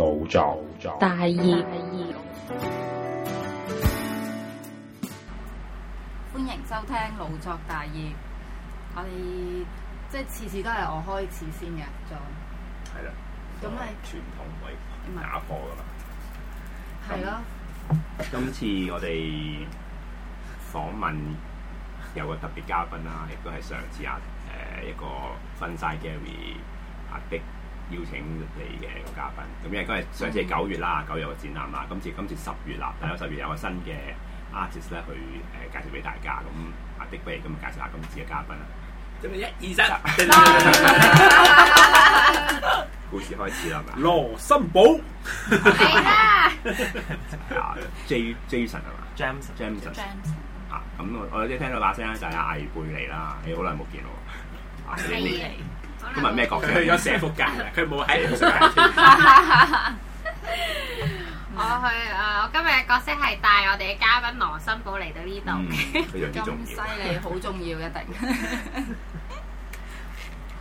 腦作大業，歡迎收聽腦作大業。我哋即係次次都係我開始先嘅，就係啦。咁咪傳統咪們打破噶啦？係咯。今次我哋訪問有個特別嘉賓啦、啊，亦都係上次阿、啊、誒、呃、一個婚紗 Gary 阿、啊、的。Big. 邀請你嘅個嘉賓，咁因為嗰日上次係九月啦，九月個展覽嘛，今次今次十月啦，大家十月有個新嘅 artist 咧去誒介紹俾大家，咁阿的、啊 Dick、不如咁介紹下今次嘅嘉賓啦，準備一二三，故事、嗯、 開始啦，羅琛堡、 哦，Jamsen 係嘛，Jamsen, Jamsen，on. 啊咁我有啲聽到把聲咧就係阿艾貝尼啦，你好耐冇見喎，艾貝尼。對寂寂寂寂咁係咩角色？咁社福界嘅，佢冇喺藝術界。我去啊！我今日嘅角色係帶我哋嘉賓羅琛堡嚟到呢度嘅，咁犀利，好重要嘅，一定。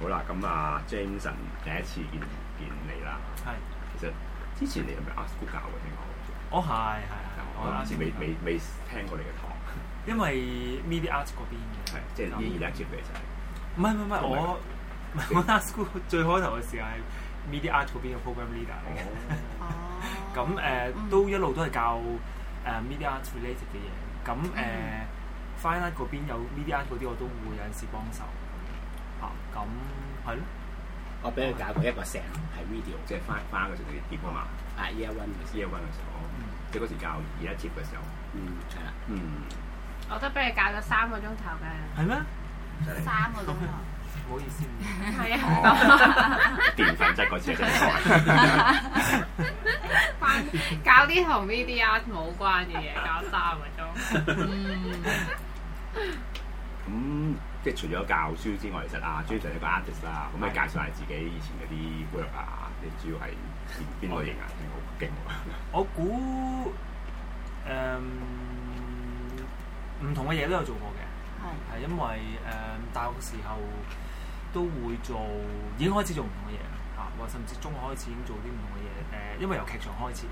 好啦，咁啊，Jamsen 第一次見見你啦。係。其實之前你係咪 Art School 教嘅？聽講。我係係係，我之前未未未聽過你嘅堂，因為 Media Art 嗰邊嘅，係即係啲 interaction，唔係唔係唔係我。我大 school 最開頭嘅時候係 media arts 嗰邊嘅 program leader 嚟嘅，哦，咁誒都一路都係教誒 media arts related 嘅嘢，咁誒 final 嗰邊有 media art 嗰啲我都會有陣時幫手，嚇咁係咯，我俾佢搞過一個成係 video，即係翻翻嗰陣時啲碟啊嘛，啊 year one 嘅 year one 嘅時候，即係嗰時教而家 a 嘅時候，嗯係啦，嗯，嗯啊、嗯我都俾佢教咗三個鐘頭嘅。係咩？三個鐘頭。唔好意思。係啊。澱粉質嗰次 係錯。翻教啲同 v d r 冇關嘅嘢，教三個鐘。咁、 嗯、即係除咗教書之外，其實阿 Jamsen 就係一個 artist 啊。咁你、啊、介紹下自己以前嗰啲 work 啊？你主要係邊邊類型啊？好勁，我估誒唔同嘅嘢都有做過嘅。係。 因為誒、嗯、大學嘅時候，都會做，已經開始做唔同嘅嘢，嚇、啊，或甚至中學開始已經做啲唔同嘅嘢，誒、呃，因為由劇場開始，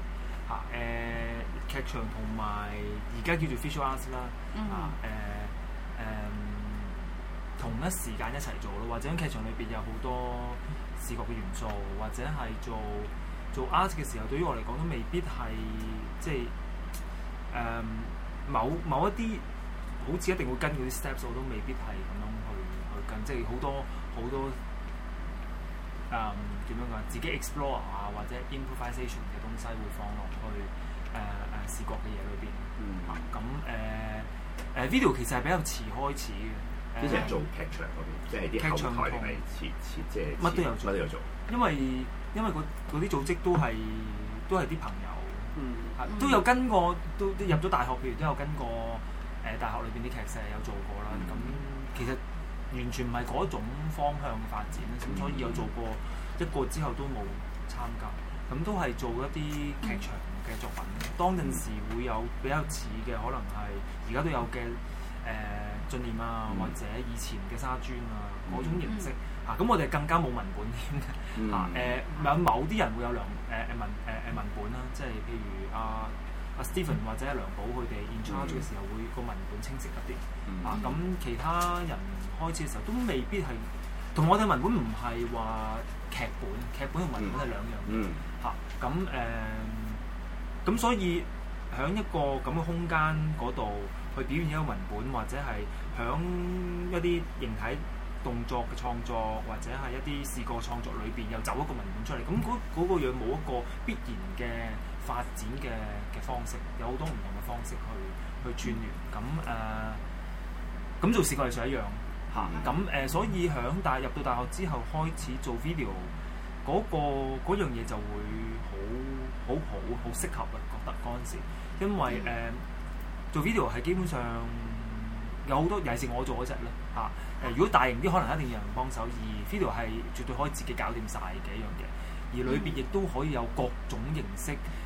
嚇、啊，誒、呃、劇場同埋而家叫做 visual arts 啦，嚇，誒誒同一時間一齊做咯，或者劇場裏邊有好多視覺嘅元素，或者係做做 art 嘅時候，對於我嚟講都未必係即係誒、嗯、某某一啲好似一定會跟嗰啲 steps，我都未必係咁樣去去跟，即係好多。好多誒點樣講，自己 explore 啊或者 improvisation 嘅東西會放落去誒誒、呃、視覺嘅嘢裏邊。咁誒誒 video 其實係比較遲開始嘅。經常做、呃、即劇場嗰邊，即係啲後台係設設即係乜都有做，乜都有做。因為因為嗰啲組織都係都係啲朋友，都有跟過，都入咗大學譬如都有跟過誒大學裏邊啲劇社有做過啦。咁、嗯嗯、其實。完全唔係嗰種方向嘅發展咧，咁所以有做過一個之後都冇參加，咁都係做一啲劇場嘅作品。嗯、當陣時會有比較似嘅，可能係而家都有嘅誒、呃、進念啊，嗯、或者以前嘅沙磚啊嗰、嗯、種形式、嗯、啊。咁我哋更加冇文本添嘅啊誒，有、 嗯呃、某啲人會有兩誒誒、呃呃、文誒誒、呃、文本啦，即係譬如阿。啊阿 Stephen 或者阿梁寶佢哋 in charge 嘅時候，會個文本清晰一啲。啊，咁其他人開始嘅時候都未必係同我哋文本唔係話劇本，劇本同文本係兩樣嘅。嚇，咁誒，咁所以喺一個咁嘅空間嗰度去表現一個文本，或者係喺一啲形體動作嘅創作，或者係一啲視覺創作裏邊又走一個文本出嚟，咁嗰嗰個樣冇一個必然嘅。發展嘅嘅方式有好多唔同嘅方式去、嗯、去串聯，咁誒咁做視覺藝術一樣嚇，咁誒，所以響大入到大學之後開始做 video 嗰、那個樣嘢就會好好好好適合啊，覺得嗰陣時，因為誒、嗯呃、做 video 係基本上有好多，尤其是我做嗰隻咧嚇誒，如果大型啲可能一定要有人幫手，而 video 係絕對可以自己搞掂晒嘅一樣嘢，而裏邊亦都可以有各種形式。嗯嗯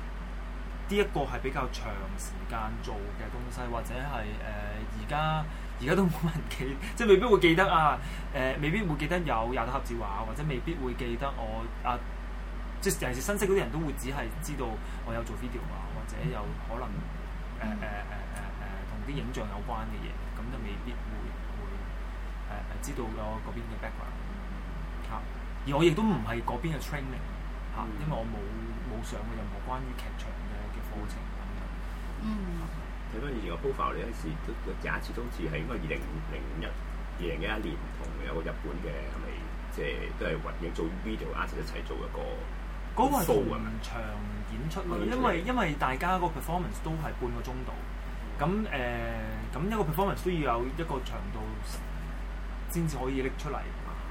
呢一個係比較長時間做嘅東西，或者係誒而家而家都冇人記，即係未必會記得啊。誒、呃，未必會記得有廿德盒子畫，或者未必會記得我啊，尤其是新識嗰啲人都會只係知道我有做 video 啊，或者有可能誒誒誒誒誒同啲影像有關嘅嘢，咁就未必會會誒、呃、知道我嗰邊嘅 background 嚇。而我亦都唔係嗰邊嘅 training 嚇、啊，因為我冇冇上過任何關於劇場。過程咁樣，嗯，睇翻以前個 perform 呢陣時都，第一次都好似係應該二零零五年，二零一一年同有個日本嘅係咪，即係、就是、都係混入做 video 啊，一齊做一個嗰個長演出去，是是因為因為大家個 performance 都係半個鐘度，咁誒，咁、呃、一個 performance 都要有一個長度先至可以拎出嚟，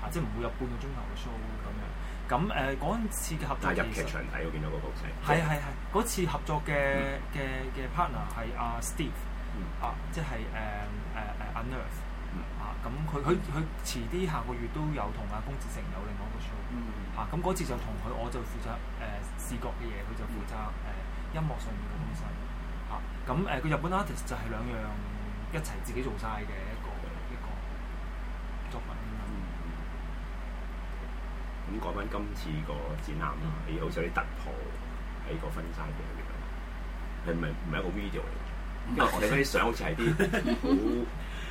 嚇，即係唔會有半個鐘頭嘅 show。咁誒嗰次嘅合作，係入劇場睇我見到個報紙。係係嗰次合作嘅嘅嘅 partner 係阿、啊、Steve，、嗯、啊即係誒誒誒 Unearth 啊咁佢佢佢遲啲下個月都有同阿龔志成有另外一個 show，、嗯、啊咁次就同佢我就負責誒、呃、視覺嘅嘢，佢就負責誒音樂上面嘅東西，呃嗯、啊咁誒佢日本 artist 就係兩樣一齊自己做晒嘅。咁講翻今次個展覽，係好似有啲突破喺個婚紗嘅入面。係咪唔係一個 video 嚟嘅？因為我睇嗰啲相好似係啲好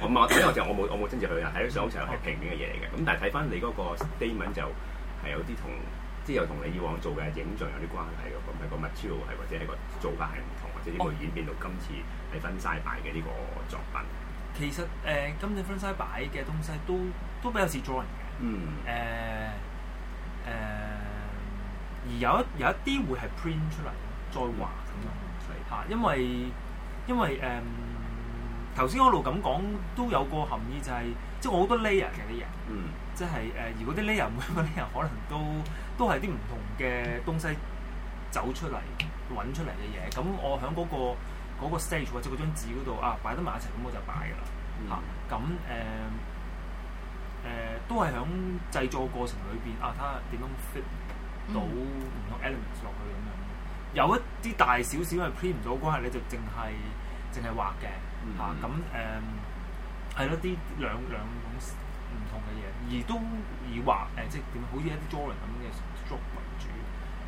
我嘛，因為我就我冇我冇親自去啊。睇啲相好似係平面嘅嘢嚟嘅。咁但係睇翻你嗰個 statement 就係有啲同即係又同你以往做嘅影像有啲關係嘅。咁係個 material 係或者係個做法係唔同，或者呢個演變到今次係婚紗擺嘅呢個作品。其實誒，今次婚紗擺嘅東西都都比較似 drawing 嘅，誒。誒、呃，而有一有一啲會係 print 出嚟再畫咁樣，嚇、嗯，因為因為誒頭先一路咁講都有個含義、就係，就係即係我好多 layer 嘅啲嘢，嗯，即係誒，如、呃、果啲 layer 每個 layer 可能都都係啲唔同嘅東西走出嚟揾出嚟嘅嘢，咁我喺嗰、嗰個嗰個 stage 或者嗰張紙嗰度啊擺得埋一齊，咁我就擺㗎啦，嚇、嗯，咁誒、啊。誒、呃、都係喺製作過程裏邊啊，睇下點樣 fit 到唔同 elements 落去咁樣。有一啲大小小係 print 唔到，關係你就淨係淨係畫嘅嚇。咁誒係咯，啲、啊嗯、兩、嗯、兩種唔同嘅嘢，而都以畫誒、呃、即係點？好似一啲 drawing 咁嘅 shape 為主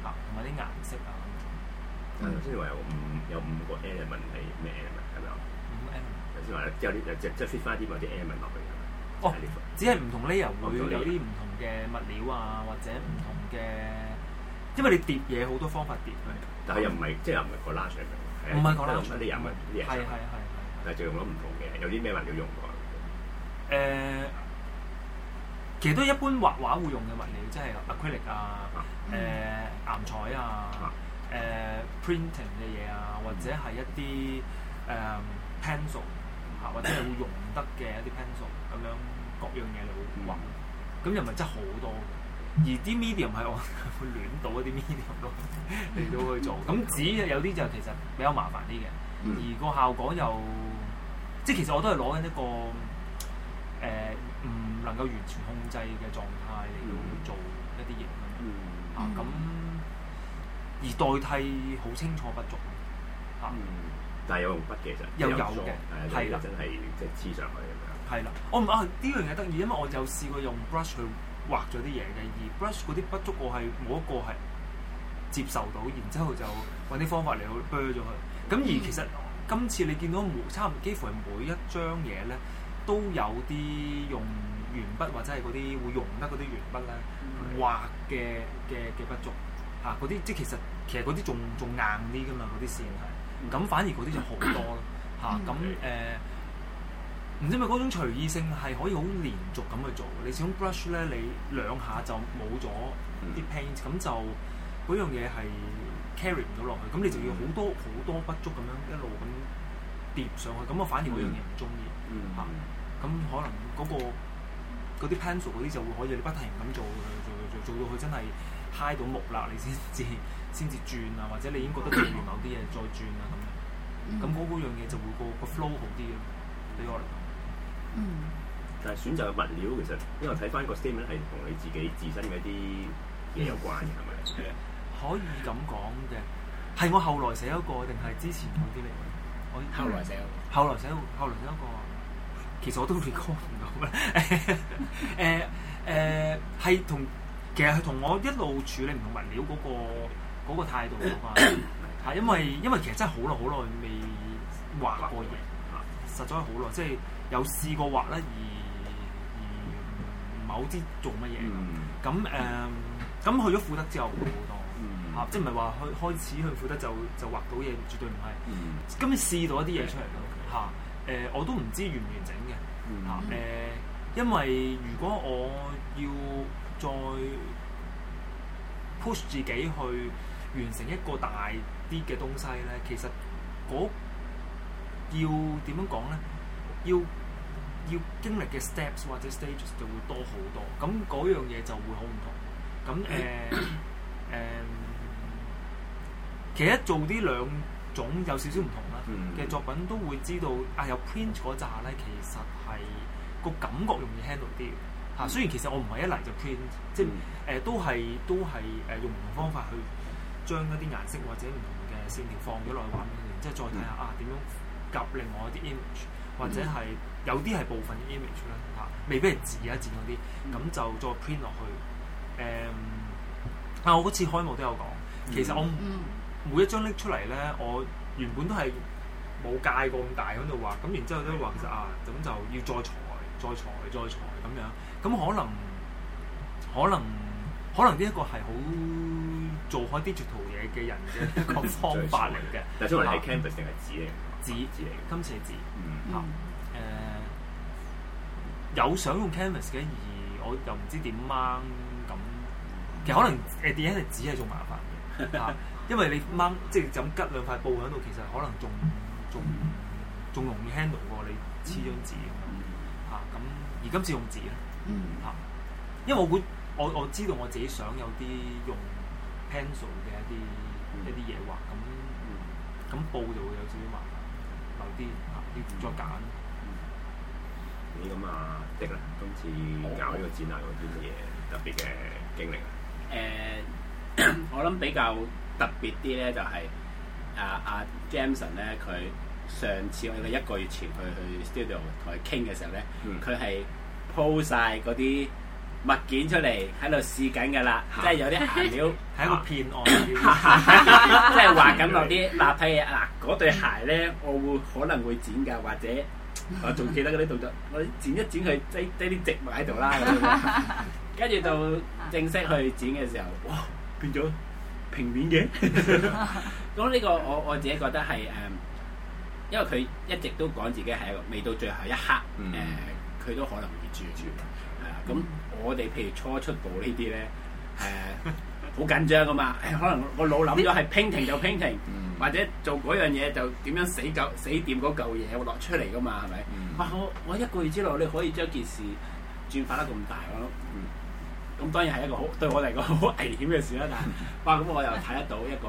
嚇，同埋啲顏色啊咁樣。即係話有五有五個 element 係咩 element 係咪啊？五、嗯、個 element、e。即係話有啲有即 fit 翻啲或者 element 落去。哦，只係唔同 layer 會有啲唔同嘅物料啊，或者唔同嘅，因為你疊嘢好多方法疊，但係又唔係，即係又唔係講拉出嚟。唔係講拉長，啲人咪，係係但係就用咗唔同嘅，有啲咩物料用過？誒，其實都一般畫畫會用嘅物料，即係 acrylic 啊，誒岩彩啊，誒 printing 嘅嘢啊，或者係一啲誒 pencil 或者係會用得嘅一啲 pencil 咁樣。各樣嘢嚟玩，咁、嗯、又咪真係好多？而啲 medium 唔係我會亂 到一啲 medium 嚟到去做，咁 只有有啲就其實比較麻煩啲嘅，嗯、而個效果又即係其實我都係攞緊一個誒唔、呃、能夠完全控制嘅狀態嚟到去做一啲嘢、嗯、啊咁，而代替好清楚不足，嚇、啊。嗯嗯。係用筆嘅就又有嘅，係啦，真係即係黐上去咁樣。係啦，我唔啊呢樣嘢得意，因為我就試過用 brush 去畫咗啲嘢嘅，而 brush 嗰啲筆觸我係冇一個係接受到，然之後就揾啲方法嚟去啤咗佢。咁而其實、嗯、今次你見到差唔多幾乎係每一張嘢咧，都有啲用鉛筆或者係嗰啲會用得嗰啲鉛筆咧畫嘅嘅嘅筆觸，嚇嗰啲即係其實其實嗰啲仲仲硬啲㗎嘛，嗰啲線係。咁反而嗰啲就好多咯，嚇！咁 誒，唔、啊呃、知咪嗰種隨意性係可以好連續咁去做嘅。你始終 brush 咧，你兩下就冇咗啲 paint，咁就嗰樣嘢係 carry 唔到落去。咁你就要好多好 多筆觸咁樣一路咁疊上去。咁我反而嗰樣嘢唔中意嚇。咁、 啊、可能嗰、那個嗰啲 pencil 嗰啲就會可以你不停咁做，做做，做到佢真係 high 到木喇，你先至。先至轉啊，或者你已經覺得做完某啲嘢再轉啊咁樣，咁嗰個樣嘢就會個個 flow 好啲咯，對於我嚟講。嗯。但係選擇嘅物料其實，因為睇翻個 statement 係同你自己自身嘅一啲嘢有關嘅，係咪？係啊，可以咁講嘅。係我後來寫一個定係之前嗰啲嚟？我後來寫。後來寫，後來寫一個。其實我都 recall 唔到嘅。誒誒，係同其實係同我一路處理唔同物料嗰個。嗰個態度嘅嘛，係因為因為其實真係好耐好耐未畫過嘢，過實在好耐，即係有試過畫啦，而唔係好知做乜嘢咁。咁咁、嗯嗯、去咗富德之後好多，嚇、嗯啊，即係唔係話去開始去富德就就畫到嘢，絕對唔係。咁你、嗯、試到一啲嘢出嚟咯，嚇誒、嗯嗯，我都唔知完唔完整嘅嚇誒，因為如果我要再 push 自己去。完成一個大啲嘅東西咧，其實嗰要點樣講咧，要要經歷嘅 steps 或者 stages 就會多好多，咁嗰樣嘢就會好唔同。咁誒誒，其實做啲兩種有少少唔同啦嘅、mm. 作品，都會知道啊有 print 嗰陣咧，其實係個感覺容易 handle 啲嚇。雖然其實我唔係一嚟就 print，、mm. 即係誒、呃、都係都係誒、呃、用唔同方法去。將一啲顏色或者唔同嘅線條放咗落去畫面，然之後再睇下、嗯、啊點樣夾另外一啲 image，或者係有啲係部分嘅 image 啦嚇、嗯啊，未必係字啊字嗰啲，咁、嗯、就再 print 落去。誒、嗯，啊我嗰次開幕都有講，嗯、其實我、嗯、每一張拎出嚟咧，我原本都係冇界過咁大喺度畫，咁然之後，後都話其實、嗯、啊，咁就要再裁、再裁、再裁咁樣，咁可能可能可能呢一個係好。做開 digital 嘢嘅人嘅一個方法嚟嘅。 但係，先嚟你 canvas 定係紙嚟嘅？紙，紙嚟嘅。今次係紙。嗯。嚇誒、嗯嗯嗯，有想用 canvas 嘅，而我又唔知點掹咁。其實可能誒，點解係紙係仲麻煩嘅？吓、啊，因為你掹即係就咁拮兩塊布喺度，其實可能仲仲仲容易 handle 過你黐張紙。吓，咁而今次用紙咧吓，因為我估我我知道我,我自己想有啲用。用 Pencil 嘅一啲、嗯、一啲嘢畫，咁咁布就會有少少麻煩，留啲要點再揀。咦咁啊，的啦選、嗯，今次搞呢個展覽有啲乜嘢特別嘅經歷啊？誒、呃，我諗比較特別啲咧、就是，就係阿阿 Jamsen 咧，佢、啊、上次我哋、嗯、一個月前去去 studio 同佢傾嘅時候咧，佢係 po 晒嗰啲。物件出嚟喺度試緊㗎喇，即係有啲鞋料喺個片案。即係畫緊落啲立體嘢。嗱，嗰對鞋咧，我會可能會剪嘅，或者我仲記得嗰啲動作，我剪一剪佢，擠擠啲植物喺度啦。跟住就正式去剪嘅時候，哇，變咗平面嘅。咁 呢 個我我自己覺得係誒、嗯，因為佢一直都講自己係一個未到最後一刻，誒、呃，佢都可能會住住。係啊、嗯，咁、嗯。我哋譬如初出步呢啲咧，誒、呃、好 緊張噶嘛，可能我腦諗咗係 painting 就 painting、嗯，或者做嗰樣嘢就點樣死夠死掂嗰嚿嘢會落出嚟噶嘛，係咪？嗯、哇！我我一個月之內，你可以將件事轉化得咁大，我、嗯、諗，咁當然係一個好對我嚟講好危險嘅事啦。但係哇，咁我又睇得到一個、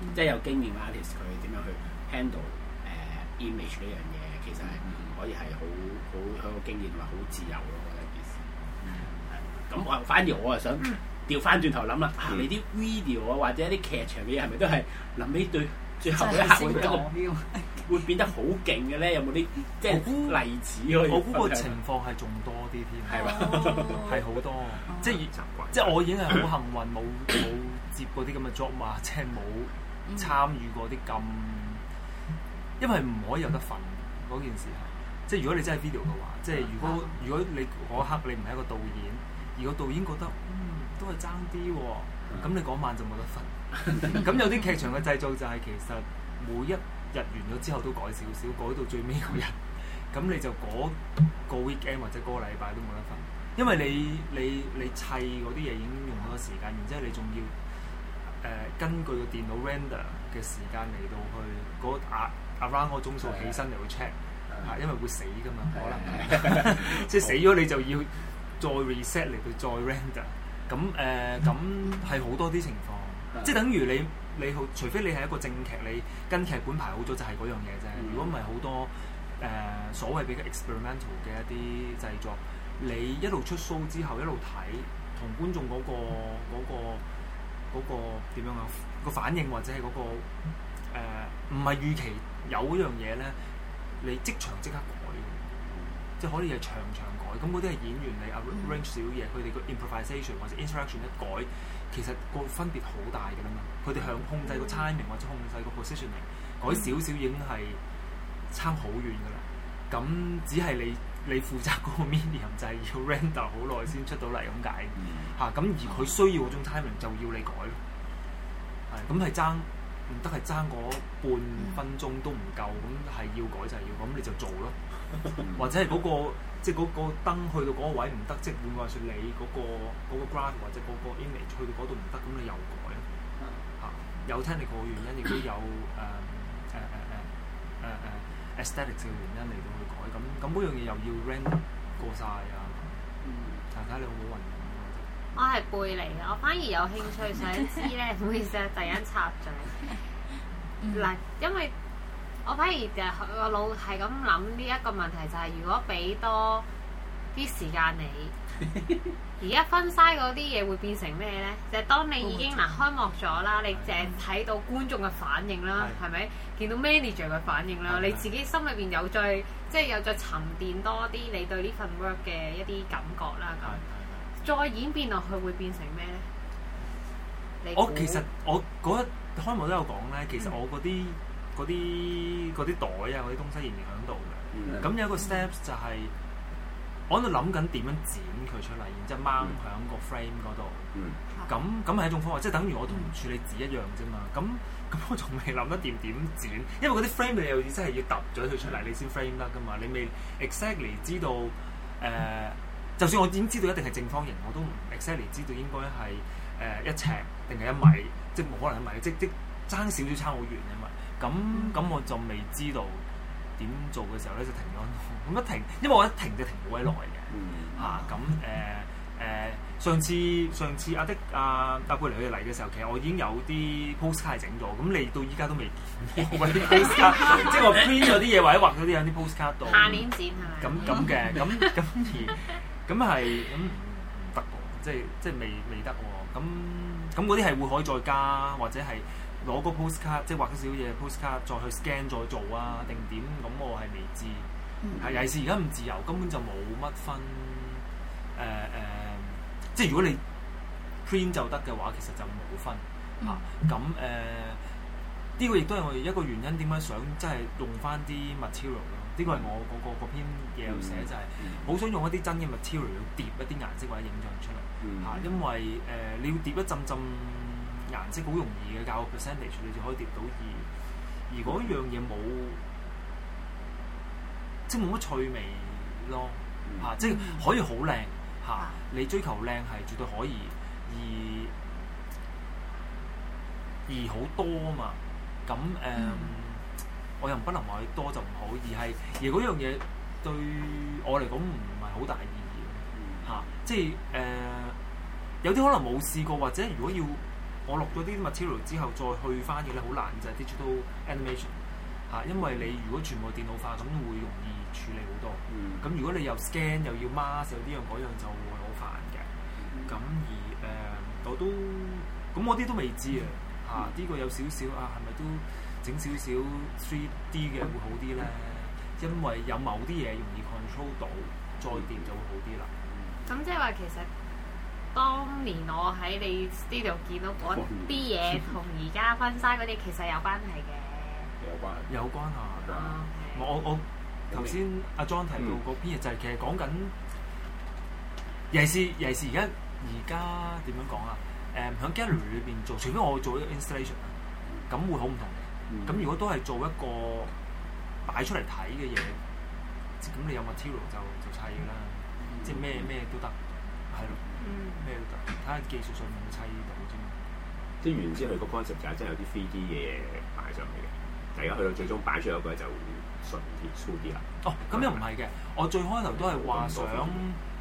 嗯、即係有經驗嘅 artist，佢點樣去 handle 誒、呃、image 呢樣嘢，其實係、嗯、可以係好好有個經驗同埋好自由咯。咁反而我啊想調翻轉頭諗啦，你啲 video 啊，或者啲劇場嘅嘢係咪都係臨尾最最後一刻會一會變得好勁嘅咧？有冇啲即係例子？我估個情況係仲多啲添，係嘛？係好多，即係習慣。即係我已經係好幸運，冇冇接過啲咁嘅 job 嘛，即係冇參與過啲咁，因為唔可以有得瞓。嗰件事係。即係如果你真係 video 嘅話，即係如果如果你嗰刻你唔係一個導演。而個導演覺得，嗯，都係爭啲喎。咁你嗰晚就冇得瞓。咁 有啲劇場嘅製造就係其實每一日完咗之後都改少少，改到最尾嗰日。咁你就嗰個 weekend 或者嗰個禮拜都冇得瞓，因為你你你砌嗰啲嘢已經用咗時間，然之後你仲要誒、呃、根據個電腦 render 嘅時間嚟到去嗰個 around 嗰個鐘數起身嚟去 check，吓，嗯、因為會死㗎嘛，可能，即係死咗你就要。再 reset 嚟佢再 render，咁誒，咁係好多啲情況， 即係等於你你好，除非你係一個正劇，你跟劇本排好咗就係、是、嗰樣嘢啫。嗯、如果唔係好多誒、呃、所謂比較 experimental 嘅一啲製作，你一路出 show 之後一路睇，同觀眾嗰、個嗰、個嗰、個點、那個、樣啊、個反應或者係嗰、個誒唔係預期有樣嘢咧，你即場即刻。即係可能係長長改，咁嗰啲係演員你、mm hmm. 啊 range 少嘢，佢哋個 improvisation 或者 interaction 一改，其實個分別好大㗎啦嘛。佢哋響控制個 timing 或者控制個 position 嚟改少少已經係差好遠㗎啦。咁只係你你負責嗰個 medium 就係要 render 好耐先出到嚟咁解，嚇咁、mm hmm. 啊、而佢需要嗰種 timing 就要你改。係咁係爭，唔得係爭嗰半分鐘都唔夠，咁係要改就係要咁，你就做咯。 或者係、那、嗰個，即係嗰個燈去到嗰個位唔得，即係換句話説，你嗰個嗰個 graph 或者嗰個 image 去到嗰度唔得，咁你又改嚇、啊，有 technical 嘅原因，亦都有誒誒誒誒誒 aesthetic 嘅原因嚟到去改，咁咁嗰樣嘢又要 rank 過晒啊，睇、嗯、睇你有冇運氣、嗯、我係背嚟嘅，我反而有興趣想知咧，唔好意思，突然間插咗你。嗱，因為。我反而就個腦係咁諗呢一個問題，就係、是、如果俾多啲時間你，而家 分晒嗰啲嘢會變成咩咧？就係、是、當你已經嗱開幕咗啦，你凈係睇到觀眾嘅反應啦，係咪的？見到 manager 嘅反應啦，的你自己心裏邊有再即係有再沉澱多啲你對呢份 work 嘅一啲感覺啦，咁的再演變落去會變成咩咧？你我其實我嗰開幕都有講咧，其實我嗰啲、嗯。啲啲袋啊，啲東西仍然喺度嘅。咁、mm hmm. 有一個 steps 就係我喺度諗緊點樣剪佢出嚟，然之後掹響個 frame 度。咁咁係一種方法，即、就、係、是、等於我都唔處理紙一樣啫嘛。咁咁我仲未諗得掂點剪，因為啲 frame、mm hmm. 你又真係要揼咗佢出嚟，你先 frame 得噶嘛。你未 exactly 知道誒、呃、就算我已經知道一定係正方形，我都唔 exactly 知道應該係誒一尺定係一米，即係冇可能一米，即即爭少少差好遠啊嘛。咁咁我就未知道點做嘅時候咧就停咗，咁一停，因為我一停就停好鬼耐嘅，嚇咁誒誒，上次上次阿、啊、的阿阿貝黎佢嚟嘅時候，其實我已經有啲 postcard 整咗，咁你到依家都未啲 Postcard，即係我 print 咗啲嘢或者畫咗啲喺啲 postcard 度。咁咁嘅，咁咁而，咁係唔得喎，即係即係未未得喎，咁咁嗰啲係會可以再加或者係。攞個 post 卡，即係畫少少嘢 post 卡，再去 scan 再做啊？定點咁？我係未知。係、嗯、尤其是而家唔自由，根本就冇乜分。誒、呃、誒、呃，即係如果你 print 就得嘅話，其實就冇分嚇。咁、啊、誒，呢、呃呢個亦都係我哋一個原因，點解想即係用翻啲 material 咯？呢個係我嗰個篇嘢寫、嗯、就係好想用一啲真嘅 material 要疊一啲顏色或者影像出嚟嚇、啊，因為誒、呃、你要疊一浸浸。顏色好容易嘅，教 percentage 你就可以跌到二。如果樣嘢冇，即係冇乜趣味咯嚇、啊，即係可以好靚嚇。你追求靚係絕對可以，而而好多啊嘛。咁、啊、誒，我又不能話多就唔好，而係而嗰樣嘢對我嚟講唔係好大意義嚇、啊。即係誒、呃，有啲可能冇試過，或者如果要。我錄咗啲 material 之後，再去翻嘢咧，好難啫。就係、Digital animation 嚇、啊，因為你如果全部電腦化，咁會容易處理好多。咁、嗯、如果你又 scan 又要 mask，有啲樣嗰樣就會好煩嘅。咁、嗯、而誒、呃、我都咁我啲都未知啊嚇，呢、呢個有少少啊，係咪都整少少 three D 嘅會好啲咧？因為有某啲嘢容易 control 到，再掂就會好啲啦。咁、嗯、即係話其實。當年我喺你 studio 見到嗰啲嘢，同而家婚紗嗰啲其實有關係嘅，有關 有關啊！咁 Okay. 我我頭先阿 John 提到嗰篇嘢，嗯、就係其實講緊，尤其是尤其是而家而家點樣講啊？誒、um，喺 gallery 裏邊做，除非我做一個 installation 啊，咁會好唔同。咁如果都係做一個擺出嚟睇嘅嘢，咁你有 material 就就砌啦，嗯、即係咩咩都得，係咯。嗯，咩 都得，睇技術上面嘅砌到啫，嘛。即啲原先佢個 concept 就係真係有啲 three D 嘅嘢擺上去嘅，但係而家去到最終擺出去，嗰個就純貼粗啲啦。哦，咁、嗯、又唔係嘅，我最開頭都係話想，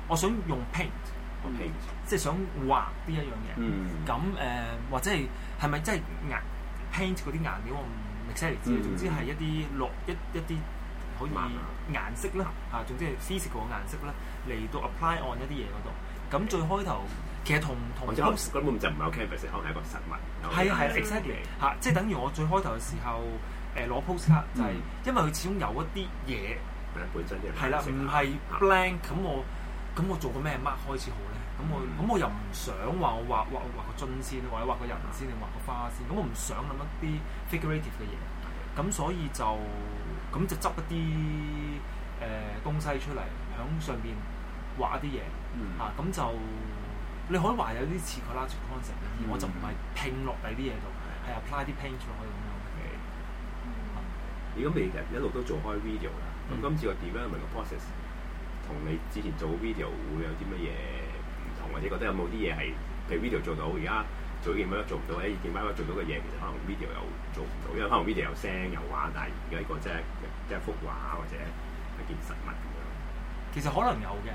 我想用 paint、嗯、即係想畫呢一樣嘢。咁誒、嗯呃，或者係係咪真係顏 paint 嗰啲顏料？我唔 exactly 知，嗯、總之係一啲綠一一啲可以顏色啦，嗯、啊，總之 physical 嘅顏色啦，嚟到 apply on 一啲嘢嗰度。咁最開頭其實同同 post 根本就唔係個 canvas 可能係一個實物。係啊，exactly 嚇，即係等於我最開頭嘅時候，誒攞 postcard 就係因為佢始終有一啲嘢，係啦，本身嘅係啦，唔係 blank 咁我咁我做個咩乜 mark 開始好咧？咁我咁我又唔想話我畫畫畫個線先，或者畫個人先，定畫個花先？咁我唔想諗一啲 figurative 嘅嘢，咁所以就咁就執一啲誒東西出嚟，喺上邊畫一啲嘢。嚇咁、嗯啊、就你可以話有啲似 concept，我就唔係拼落嚟啲嘢度，係 apply 啲 paint 落去咁樣嘅。嗯、如果未人一路都做開 video 啦、嗯，咁今次個 development process 同你之前做 video 會有啲乜嘢唔同？或者覺得有冇啲嘢係譬如 video 做到，而家做嘢乜都做唔到，誒，見翻翻做到嘅嘢，其實可能 video 又做唔到，因為可能 video 有聲有話有畫，但係一個即係一幅畫或者一件實物咁樣。其實可能有嘅。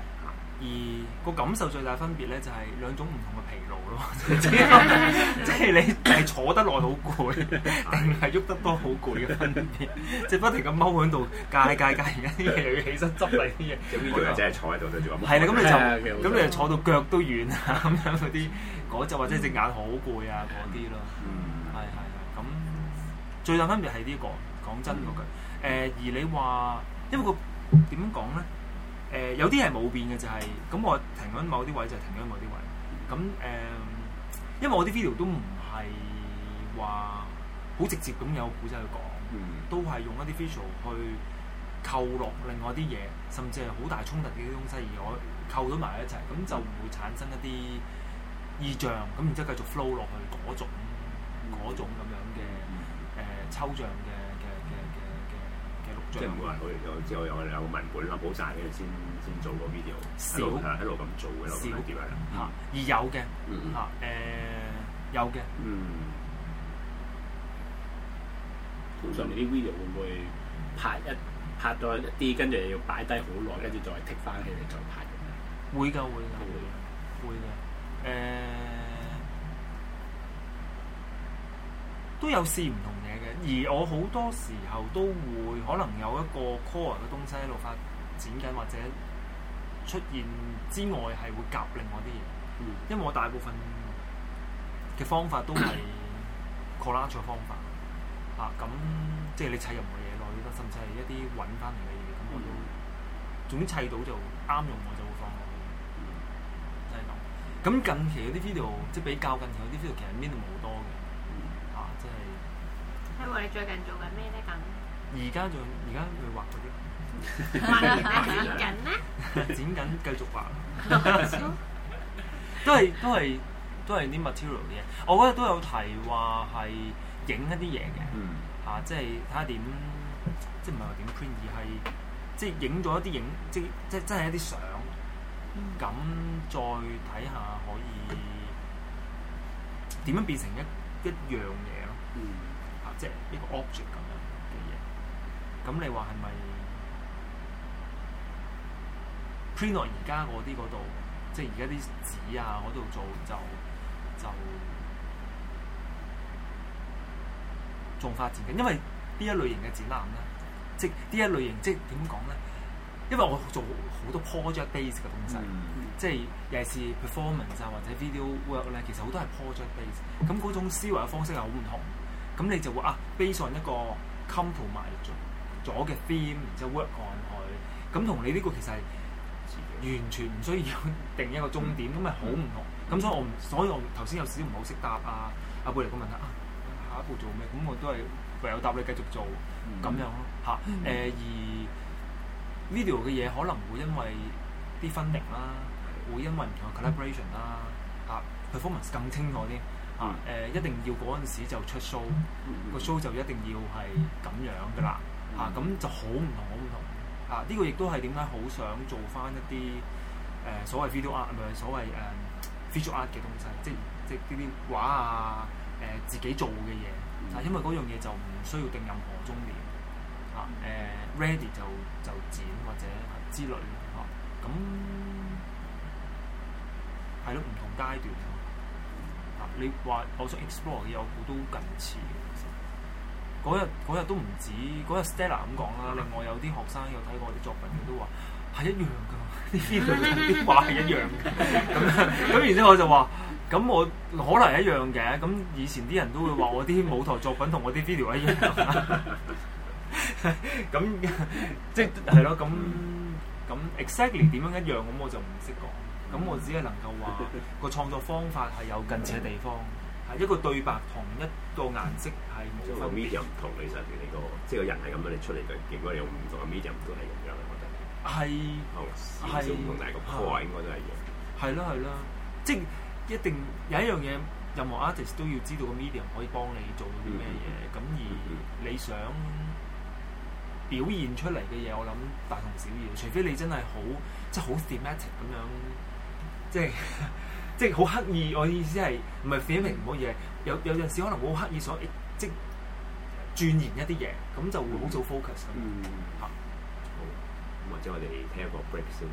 而個感受最大分別咧，就係兩種唔同嘅疲勞咯。即係你係坐得耐好攰，定係喐得多好攰嘅分別。即係不停咁踎喺度，戒戒戒，而家啲嘢又要起身執你，啲嘢。我哋真係坐喺度都點係啦，咁你就咁你就坐到腳都軟啊，咁樣嗰啲嗰隻或者隻眼好攰啊，嗰啲咯。嗯，係係咁最大分別係啲講講真嗰句。誒，而你話，因為個點講咧？誒、呃、有啲係冇變嘅，就係、是、咁我停喺某啲位就係、是、停喺某啲位。咁誒、呃、因為我啲 video 都唔係話好直接咁有古仔去講，嗯、都係用一啲 visual 去扣落另外啲嘢，甚至係好大衝突嘅啲東西，而我扣咗埋一齊咁就唔會產生一啲意象，咁然之後繼續 flow 落去種種嗰種咁樣嘅誒、呃、抽象嘅。即係唔會話佢有之後有有個文本立好曬嘅，先先做個 video，一路咁做嘅，少啲啊嚇，而有嘅嚇誒有嘅。嗯，嗯，通常你啲 video 會唔會拍一拍咗一啲，跟住要擺低好耐，跟住再剔 a 翻起嚟再拍會？會㗎會㗎會嘅。誒、呃、都有試唔同。而我好多時候都會可能有一個 core 嘅東西喺度發展緊，或者出現之外係會夾另外啲嘢。嗯。因為我大部分嘅方法都係 collage 方法。啊，咁即係你砌任何嘢落去都得，甚至係一啲揾翻嚟嘅嘢，我都總之砌到就啱用我就會放落去。嗯。即係咁。咁近期啲 video，嗯、即係比較近期啲 video 其實 minimum 好多嘅。啊、你最近做緊咩呢？咁，而家仲，而家咪畫嗰啲。 剪緊咧？剪緊，繼續畫。都係都係都係啲 material 嘅。我覺得都有提話係影一啲嘢嘅。嗯。啊，即係睇下點，即係唔係話點 print，而係即係影咗一啲影，即即真係一啲相。咁、嗯、再睇下可以點樣變成一一樣嘢咯。嗯。即係一個 object 咁樣嘅嘢，咁你話係咪 print on 而家嗰啲度，即係而家啲紙啊度做就就仲發展緊，因為呢一類型嘅展覽咧，即係呢一類型即係點講咧？因為我做好多 project based 嘅東西，嗯、即係尤其是 performance 啊或者 video work 咧，其實好多係 project based，咁嗰種思維嘅方式係好唔同。咁、嗯、你就會啊，base 上一個 c o m p 埋左左嘅 theme，然之後 work on 佢。咁同你呢個其實係完全唔需要定一個終點，咁咪好唔同。咁、嗯嗯、所以我所以我頭先有少少唔好識答啊。阿貝嚟咁問，問啊，下一步做咩？咁我都係唯有答你繼續做咁、嗯、樣咯，嚇、啊。誒、呃、而 video 嘅嘢可能會因為啲分 i 啦，會因為唔同嘅 collaboration 啦、嗯，啊、嗯、performance 更清楚啲。啊！誒、一定要嗰陣時就出 show，個、嗯、show 就一定要係咁樣噶啦。嗯、啊，咁就好唔同，好唔同。啊，呢、呢個亦都係點解好想做翻一啲誒、啊、所謂 video art、啊、所謂誒 video、um, art 嘅東西，即係即係啲畫啊誒自己做嘅嘢。嗯、但係因為嗰樣嘢就唔需要定任何終點。啊！誒、啊、ready 就就剪或者、啊、之類啊。咁係咯，唔同階段。你話我想 explore 嘅有好多近似嘅，嗰日嗰日都唔止，嗰日 Stella 咁講啦，另外有啲學生有睇過我啲作品，佢都話係一樣嘅，啲 video 啲畫係一樣嘅，咁 咁然之後我就話，咁我可能一樣嘅，咁以前啲人都會話我啲舞台作品同我啲 video 一樣啦，咁即係咯，咁、就、咁、是、exactly 點樣一樣，咁我就唔識講。咁我只係能夠話個創作方法係有近似嘅地方，係 一個對白同一個顏色係冇分別。個 medium 唔同其實幾多，即係個人係咁樣，你出嚟嘅，結果你有唔同嘅 medium 都係咁樣，我覺得係哦，係好少唔同，但係個 point 應該都係一樣嘅，係咯係咯，即係一定有一樣嘢，任何 artist 都要知道個 medium 可以幫你做啲咩嘢。咁、嗯、而你想表現出嚟嘅嘢，我諗大同小異，除非你真係好即係好 semantic 咁樣。即係，即係好刻意。我意思係，唔係寫明唔好嘢。有有陣時可能好刻意，所以即鑽研一啲嘢，咁就會好早 focus。好，或者我哋聽一個 break 先。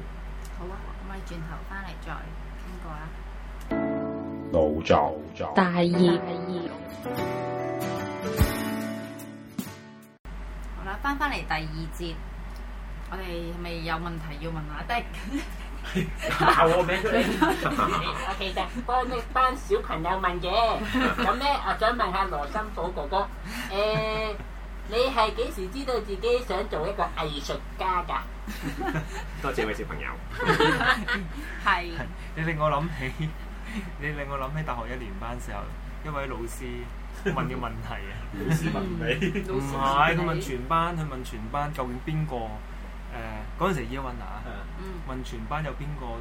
好啊，咁我哋轉頭翻嚟再傾過啦。老就老就。2 第二第二。好啦、啊，翻翻嚟第二節，我哋係咪有問題要問下的？ 教我名出嚟。我其實幫你班小朋友問嘅，咁咧我想問下羅琛堡哥哥，誒，你係幾時知道自己想做一個藝術家噶多謝位小朋友。係。你令我諗起，你令我諗起大學一年班時候，一位老師問嘅問題啊。老師問你？唔係，佢問全班，佢問全班究竟邊個？誒嗰陣時，依家問啊，問全班有邊個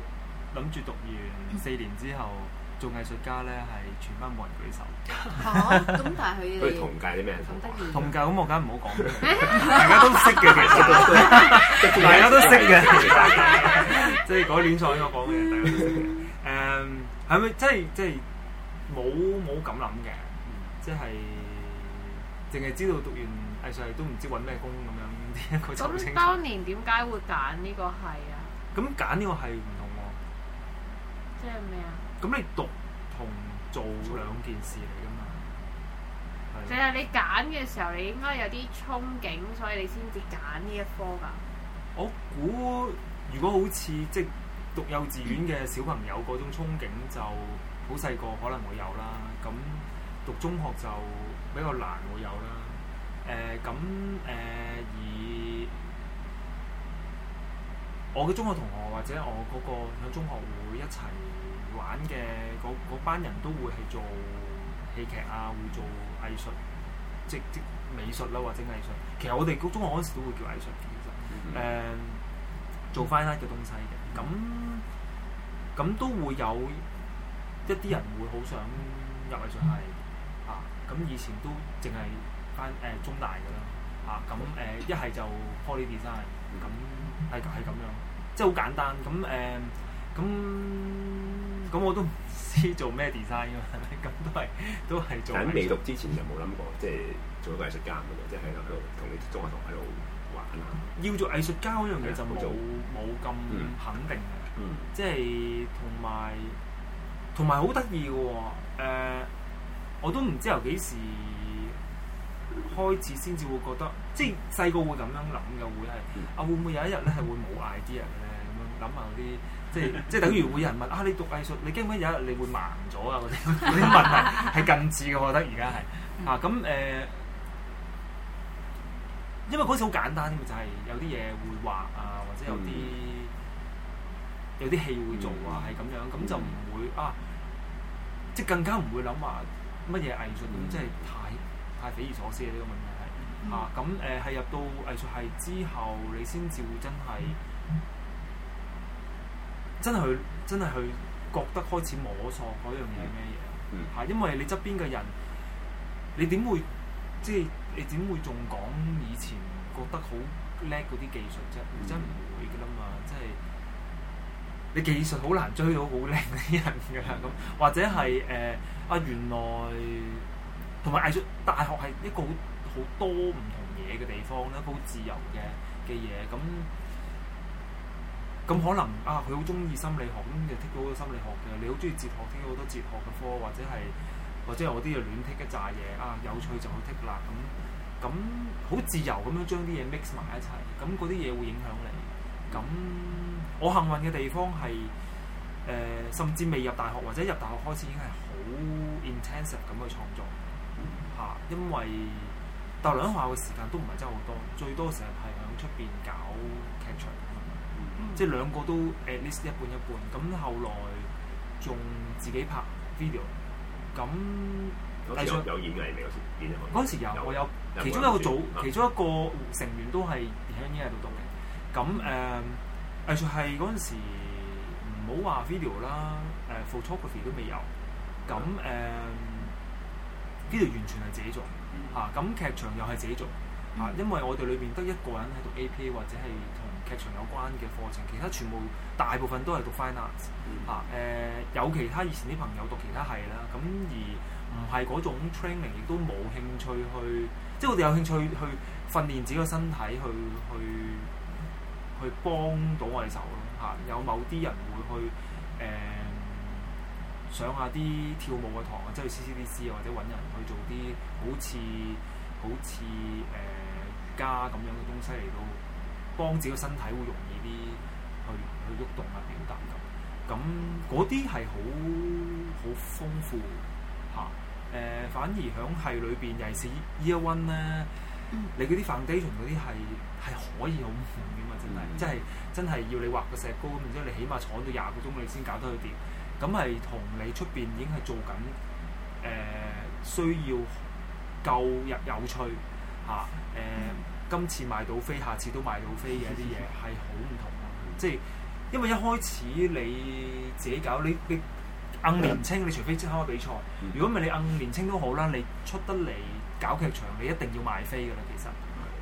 諗住讀完四年之後做藝術家咧？係全班冇人舉手。嚇！咁但係佢哋同屆啲咩人？同屆咁我梗係唔好講，大家都識嘅，其實都，大家都識嘅，即係嗰年所應該講嘅嘢。誒係咪？即係即係冇冇咁諗嘅，即係淨係知道讀完藝術系都唔知揾咩工咁樣。咁 當年點解會揀呢個系啊？咁揀呢個係唔同喎。即係咩啊？咁你讀同做兩件事嚟㗎嘛？即係你揀嘅時候，你應該有啲憧憬，所以你先至揀呢一科㗎。我估如果好似即係讀幼稚園嘅小朋友嗰種憧憬就，嗯、就好細個可能會有啦。咁讀中學就比較難會有啦。誒咁誒，而、呃呃、我嘅中學同學或者我嗰個喺中學會一齊玩嘅嗰班人都會係做戲劇啊，會做藝術，即即美術啦、啊，或者藝術。其實我哋中學嗰陣時都會叫藝術嘅，其實、嗯呃、做 fine art 嘅東西嘅。咁咁都會有一啲人會好想入藝術系、嗯、啊。咁以前都淨係。翻誒中大嘅啦，嚇咁誒一係就 poly design，咁係係咁樣，即係好簡單。咁誒咁咁我 都唔知做咩 design 係咪？咁都係，都係做。喺未讀之前就冇諗過，即係做一個藝術家咁樣，即係喺度同啲中學同學喺度玩。要做藝術家嗰樣嘢對就冇冇咁肯定嘅，嗯、即係同埋同埋好得意嘅喎，我都唔知由幾時。開始先至會覺得，即係細個會咁樣諗嘅，會係啊會唔會有一日咧係會冇 idea 嘅咧？咁樣諗下嗰啲，即係即係等於會有人問啊：你讀藝術，你驚唔驚有一日你會盲咗啊？嗰啲嗰啲問題係近似嘅，我覺得而家係啊咁誒，因為嗰時好簡單嘅，就係有啲嘢會畫啊，或者有啲有啲戲會做啊，係咁樣，咁就唔會啊，即係更加唔會諗話乜嘢藝術即係太～太匪夷所思啊！呢、這個問題係嚇咁誒，係、嗯啊呃、入到藝術系之後，你先至會真係、嗯、真係去真係去覺得開始摸索嗰樣嘢係咩嘢？嚇、嗯啊，因為你側邊嘅人，你點會即係你點會仲講以前覺得好叻嗰啲技術啫？你真唔會㗎啦嘛！即係你技術好難追到好叻嗰啲人㗎咁，或者係誒、呃、啊原來。同埋藝術大學係一個好好多唔同嘢嘅地方咧，一個好自由嘅嘅嘢。咁咁可能啊，佢好中意心理學咁就剔到好多心理學嘅。你好中意哲學，剔到好多哲學嘅科，或者係或者我啲嘢亂剔一紮嘢啊，有趣就去剔啦。咁咁好自由咁樣將啲嘢 mix 埋一齊。咁嗰啲嘢會影響你。咁我幸運嘅地方係誒、呃，甚至未入大學或者入大學開始已經係好 intensive 咁去創作。因為但兩下嘅時間都唔係真係好多，最多成日係喺出邊搞劇場，嗯、即係兩個都 at least 一半一半。咁後來仲自己拍 video，咁有演藝未？嗰時有我有，有其中一個組，其中一個成員都係喺演藝喺度讀嘅。咁誒藝術係嗰陣時唔好話 video 啦，誒、嗯呃、photography 都未有。咁誒。Um, 呢度完全係自己做嚇，咁、嗯啊、劇場又係自己做嚇、啊，因為我哋裏面得一個人喺讀、APA 或者係同劇場有關嘅課程，其他全部大部分都係讀 finance 嚇、嗯。誒、啊呃，有其他以前啲朋友讀其他係啦，咁、啊、而唔係嗰種 training，亦都冇興趣去，即係我哋有興趣去,去訓練自己個身體，去去去幫到我哋手咯嚇、啊。有某啲人會去誒。呃上下啲跳舞嘅堂啊，即係 CCDC 啊，或者揾人去做啲好似好似誒、呃、家咁樣嘅東西嚟到，幫自己個身體會容易啲去去喐動，動啊、表達咁。咁嗰啲係好好豐富吓誒、啊呃、反而響係裏邊尤其是 Year One 咧，嗯、你嗰啲 foundation 嗰啲係係可以好用嘅啊，真係、嗯、即係真係要你畫個石膏咁，然之後你起碼坐到廿個鐘，你先搞得佢掂。咁係同你出邊已經係做緊誒、呃、需要夠有有趣嚇誒，啊呃 mm hmm. 今次賣到飛，下次都賣到飛嘅一啲嘢係好唔同、mm hmm. 即係因為一開始你自己搞呢啲，奀、嗯、年青，你除非即刻比賽，mm hmm. 如果唔係你奀、嗯、年青都好啦，你出得嚟搞劇場，你一定要賣飛㗎啦。其實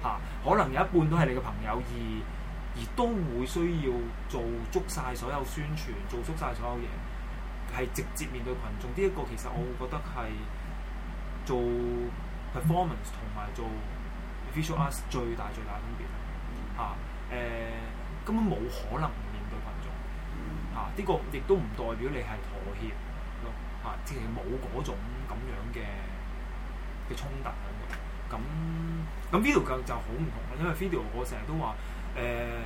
嚇、啊、可能有一半都係你嘅朋友，而而都會需要做足晒所有宣傳，做足晒所有嘢。係直接面對群眾，呢、這、一個其實我會覺得係做 performance 同埋做 visual arts 最大最大分別啦，嚇、啊呃、根本冇可能唔面對群眾嚇，呢、啊這個亦都唔代表你係妥協咯嚇，即係冇嗰種咁樣嘅嘅衝突咁樣。咁、啊、咁 video 就好唔同啦，因為 video 我成日都話誒、呃，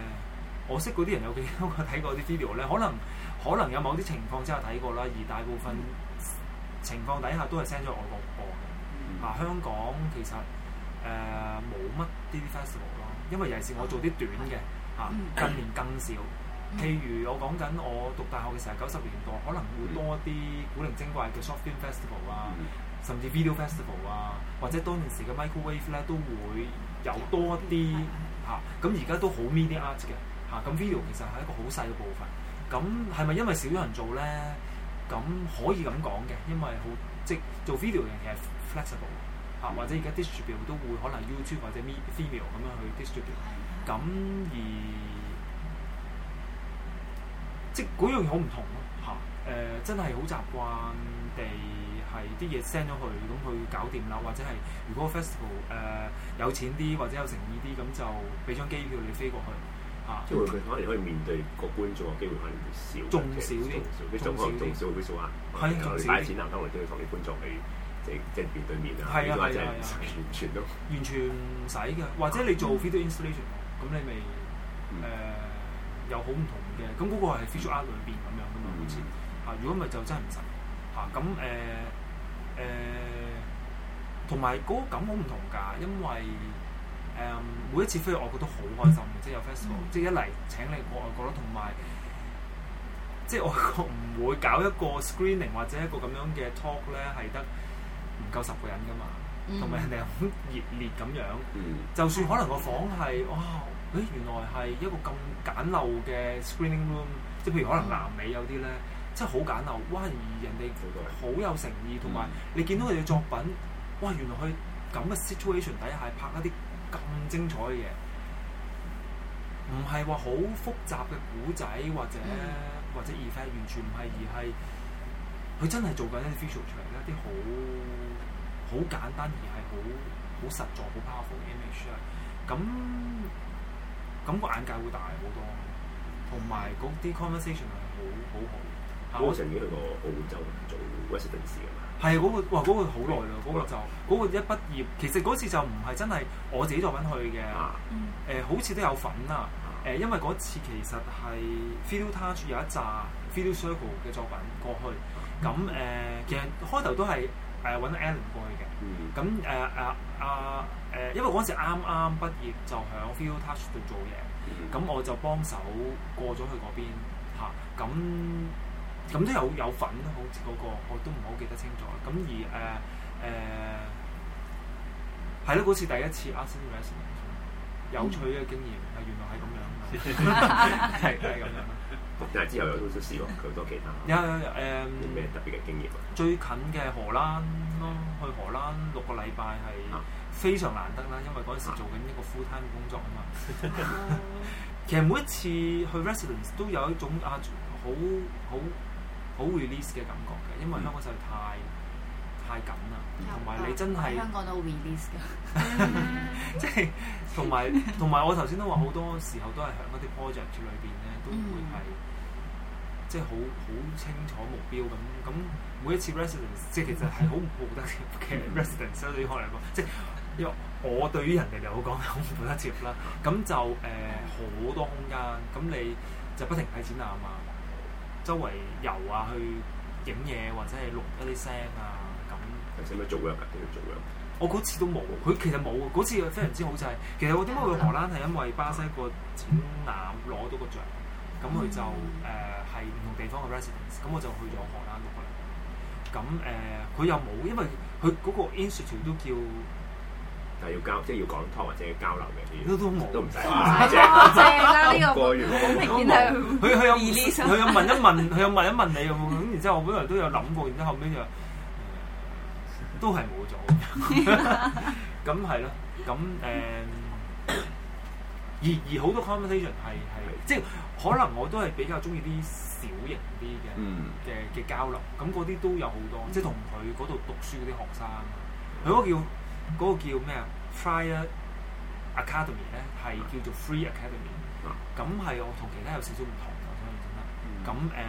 我識嗰啲人有幾多個睇過啲 video 咧，可能。可能有某啲情況之下睇過啦，而大部分情況底下都係 send 咗外國播嘅。嗱、嗯，香港其實誒冇乜啲啲 festival 咯，因為尤其是我做啲短嘅嚇、嗯啊，近年更少。譬如我講緊我讀大學嘅時候，九十年代可能會多啲古靈精怪嘅 short film festival 啊，甚至 video festival 啊，或者當年時嘅 microwave 咧都會有多啲嚇。咁而家都好 media arts 嘅嚇，咁、啊、video 其實係一個好細嘅部分。咁係咪因為少咗人做咧？咁可以咁講嘅，因為好即係做 video 嘅其實 flexible 啊，或者而家 distribution 都會可能 YouTube 或者 meet video 咁樣去 distribute、啊、咁而即係嗰樣嘢好唔同咯吓，誒、啊呃、真係好習慣地係啲嘢 send 咗去，咁佢搞掂啦。或者係如果 festival 誒、呃、有錢啲或者有誠意啲，咁就俾張機票你飛過去。即係佢可能可以面對個觀眾嘅機會可能少，仲少啲，仲少啲，仲少啲。佢擺錢難收，或者去同啲觀眾嚟即即面對面啊，或者就完全都完全唔使㗎。或者你做 virtual installation，咁你咪誒有好唔同嘅。咁嗰個係 virtual art 裏邊咁樣㗎嘛，好似嚇。如果咪就真係唔使嚇。咁誒誒，同埋嗰個感好唔同㗎，因為。Um, 每一次飛去，外國都好開心，嗯、即係有 festival、嗯、即係一嚟請你過外國咯，同埋即係外國唔會搞一個 screening 或者一個咁樣嘅 talk 咧，係得唔夠十個人噶嘛，同埋、嗯、人哋好熱烈咁樣，嗯、就算可能個房係哇、嗯哦，原來係一個咁簡陋嘅 screening room、嗯、即係譬如可能南美有啲咧，真係好簡陋，哇！人哋好有誠意，同埋、嗯、你見到佢哋作品，哇！原來佢咁嘅 situation 底下拍一啲咁精彩嘅嘢，唔係話好複雜嘅古仔，或者或者而係完全唔係而係佢真係做緊一啲 feature 出嚟啦，啲好好簡單而係好好實在、好 powerful 嘅 image 啊。咁咁個眼界會大好多，同埋啲 conversation 係好好好。我曾經去過澳洲做 resident 嘅。.係嗰、那個，哇嗰、那個好耐咯，嗰、那個就嗰、那個一畢業，其實嗰次就唔係真係我自己作品去嘅，誒、啊呃、好似都有份啦、啊，誒、啊呃、因為嗰次其實係 Field Touch 有一紮 Field Circle 嘅作品過去，咁誒、呃、其實開頭都係誒揾、呃、Alan 過去嘅，咁誒阿阿誒因為嗰陣時啱啱畢業就喺 Field Touch 度做嘢，咁我就幫手過咗去嗰邊咁。啊。咁都有有份、啊、好似嗰、嗰個我都唔好記得清楚啦。咁而誒誒係咯，嗰、呃呃、次第一次 art in residence 有趣嘅經驗，原來係咁樣、啊，係係咁樣、啊。 但係之後有好出事喎？佢都記得。有有有，誒咩特別嘅經驗？最近嘅荷蘭咯，去荷蘭六個禮拜係非常難得啦，因為嗰陣時做緊一個 full time 工作啊嘛。 其實每一次去 residence 都有一種啊好好～好 release 嘅感覺嘅，因為香港實在太太緊啦，同埋、嗯、你真係、啊、香港 re 都 release 㗎，即係同埋同埋我頭先都話好多時候都係喺一啲 project 裏邊咧，都會係、嗯、即係好好清楚目標咁。咁每一次 residence 即係其實係好唔負得切嘅 residence，相、嗯、對於我嚟講，即係因為我對於人哋嚟講係好唔負得接啦。咁就誒好、呃、多空間，咁你就不停睇錢眼啊嘛～周圍遊啊，去影嘢或者係錄一啲聲啊，咁。係使乜做㗎、啊？點樣做㗎？我嗰次都冇，佢其實冇。嗰次嘅非常之好就係、是，其實我點解去荷蘭係因為巴西個展覽攞到個獎，咁佢就誒係唔同地方嘅 residence，咁我就去咗荷蘭錄啦。咁誒，佢、呃、又冇，因為佢嗰個 institute 都叫。但係要交，即係要講通或者要交流嘅啲，都都冇，都唔使。正啦，呢個。過完，我明瞭。佢佢有佢有問一問，佢有問一問你咁。然之後我本來都有諗過，然之後後尾就都係冇咗。咁係咯，咁誒。而而好多 conversation 係係，即係可能我都係比較中意啲小型啲嘅嘅嘅交流。咁嗰啲都有好多，即係同佢嗰度讀書嗰啲學生，佢嗰個叫。嗰個叫咩啊？Fire Academy 咧係叫做 Free Academy，咁係我同其他有少少唔同嘅，所以真啦。咁誒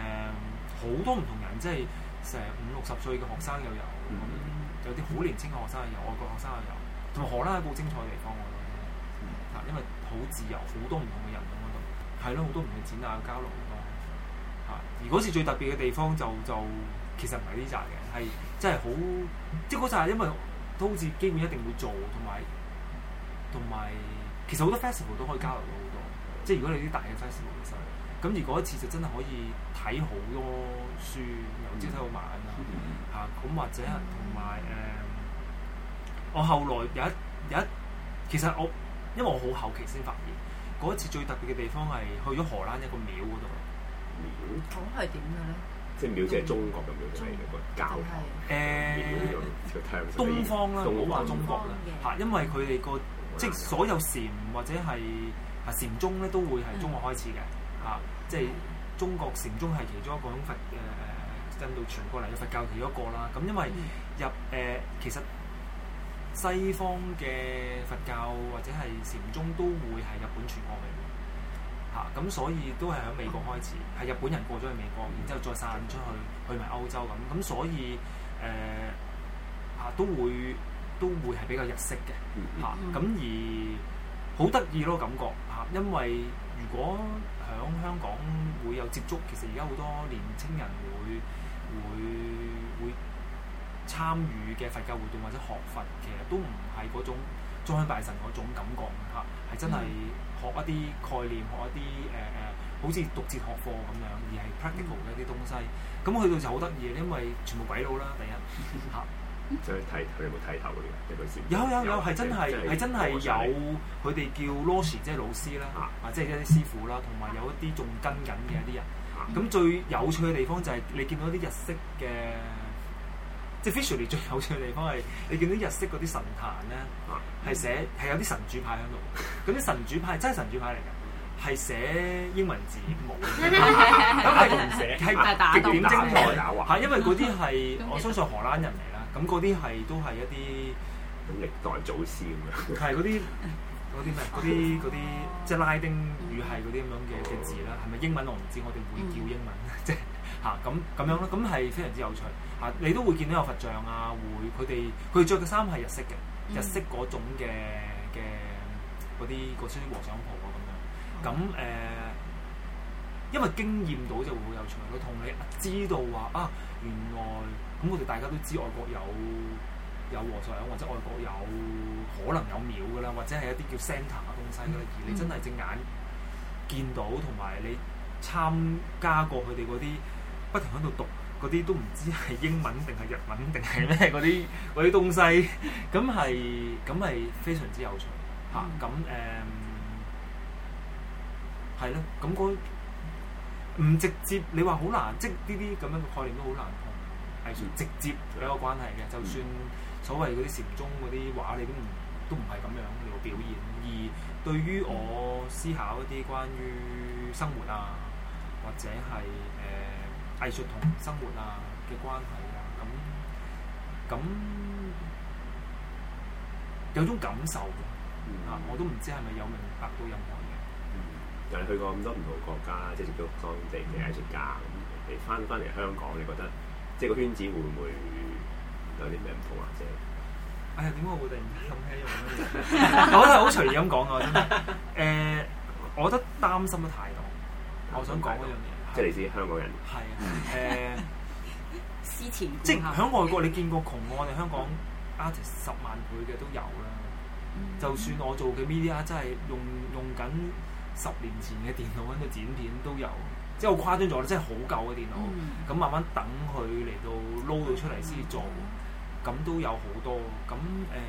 好多唔同人，即係成五六十歲嘅學生又有，咁有啲好年輕嘅學生又有，外國學生又有，同埋荷蘭係一個精彩嘅地方我嘅，嚇！因為好自由，好多唔同嘅人喺嗰度，係咯，好多唔同嘅展覽交流咁咯，係。而嗰次最特別嘅地方就就其實唔係呢扎嘅，係真係好，即係嗰扎係因為。都好似基本一定會做，同埋同埋其實好多 festival 都可以交流到好多，即係如果你啲大嘅 festival 嚟、就、嘅、是，咁而嗰一次就真係可以睇好多書，由朝睇到晚、嗯、啊，嚇咁、嗯、或者同埋誒，我後來有一有一其實我因為我好後期先發現嗰一次最特別嘅地方係去咗荷蘭一個廟嗰度，廟、嗯，咁係點嘅咧？嗯嗯即係苗子係中國咁樣嚟嘅，文個教誒東方啦，講下方中國啦，嚇，因為佢哋個即係所有禪，或者係啊禪宗咧，都會係中國開始嘅，嚇、嗯啊，即係中國禪宗係其中一種佛誒印度傳過嚟嘅佛教其中一個啦。咁、呃、因為入誒、嗯呃、其實西方嘅佛教或者係禪宗都會係日本傳過嚟。嚇，咁、啊、所以都係喺美國開始，係、嗯、日本人過咗去美國，然之後再散出去，去埋歐洲咁，咁所以誒嚇、呃啊、都會都會係比較日式嘅嚇，咁、啊、而好得意咯感覺嚇、啊，因為如果喺香港會有接觸，其實而家好多年青人會會會參與嘅佛教活動或者學佛，其實都唔係嗰種裝香拜神嗰種感覺嚇，係、啊、真係。嗯學一啲概念，學一啲誒誒，好似讀哲學課咁樣，而係 practical 嘅一啲東西。咁、嗯、去、嗯、到就好得意，因為全部鬼佬啦，第一嚇。有有一即係睇佢有冇睇頭嗰啲人？有有有，係真係係真係有，佢哋叫 loshi，即係老師啦，即係一啲師傅啦，同埋有一啲仲跟緊嘅一啲人。咁最有趣嘅地方就係你見到啲日式嘅。即係 f i s 最有趣嘅地方係，你見到日式嗰啲神壇咧，係寫係有啲神主牌喺度，咁啲神主牌真係神主牌嚟㗎，係寫英文字母，但係唔寫係極點精彩，嚇動，因為嗰啲係我相信荷蘭人嚟啦，咁嗰啲係都係一啲歷代祖師咁樣，係嗰啲嗰啲咩？嗰啲嗰啲即係拉丁語係嗰啲咁樣嘅嘅字啦，係咪 英文我唔知，我哋會叫英文即係。嗯 嚇，咁咁樣咯，咁係非常之有趣嚇、啊。你都會見到有佛像啊，會佢哋佢哋著嘅衫係日式嘅，嗯、日式嗰種嘅嘅嗰啲個些和尚袍啊咁樣。咁誒、呃，因為經驗到就會好有趣，佢同你知道話啊，原來咁我哋大家都知外國有有和尚或者外國有可能有廟噶啦，或者係一啲叫 centre 嘅東西啦。嗯、而你真係隻眼見到同埋你參加過佢哋嗰啲。不停喺度讀嗰啲都唔知係英文定係日文定係咩嗰啲啲東西，咁係咁係非常之有趣吓。咁誒係咧，咁嗰唔直接你話好難，即呢啲咁樣嘅概念都好難同直接有一個關係嘅。就算所謂嗰啲禪宗嗰啲畫，你都唔都唔係咁樣你個表現。而對於我思考一啲關於生活啊，或者係誒。嗯呃藝術同生活啊嘅關係啊，咁咁有種感受啊，我都唔知係咪有明白到任何嘢。嗯，但係去過咁多唔同國家，即係接觸當地嘅藝術家，咁你翻翻嚟香港，你覺得即係個圈子會唔會有啲咩唔同啊？即係，哎呀，點解我會突然間諗起我都係好隨意咁講噶，真係。誒，我覺得擔心得太多。我想講嗰樣嘢。 即係嚟自香港人係啊，誒， 前，本 前本即係喺外國，你見過窮過我哋香港 artist 十萬倍嘅都有啦。就算我做嘅 media，真係用用緊十年前嘅電腦喺度剪片都有，即係好誇張咗啦。真係好舊嘅電腦咁， 慢慢等佢嚟到撈到出嚟先做，咁 都有好多。咁誒、呃，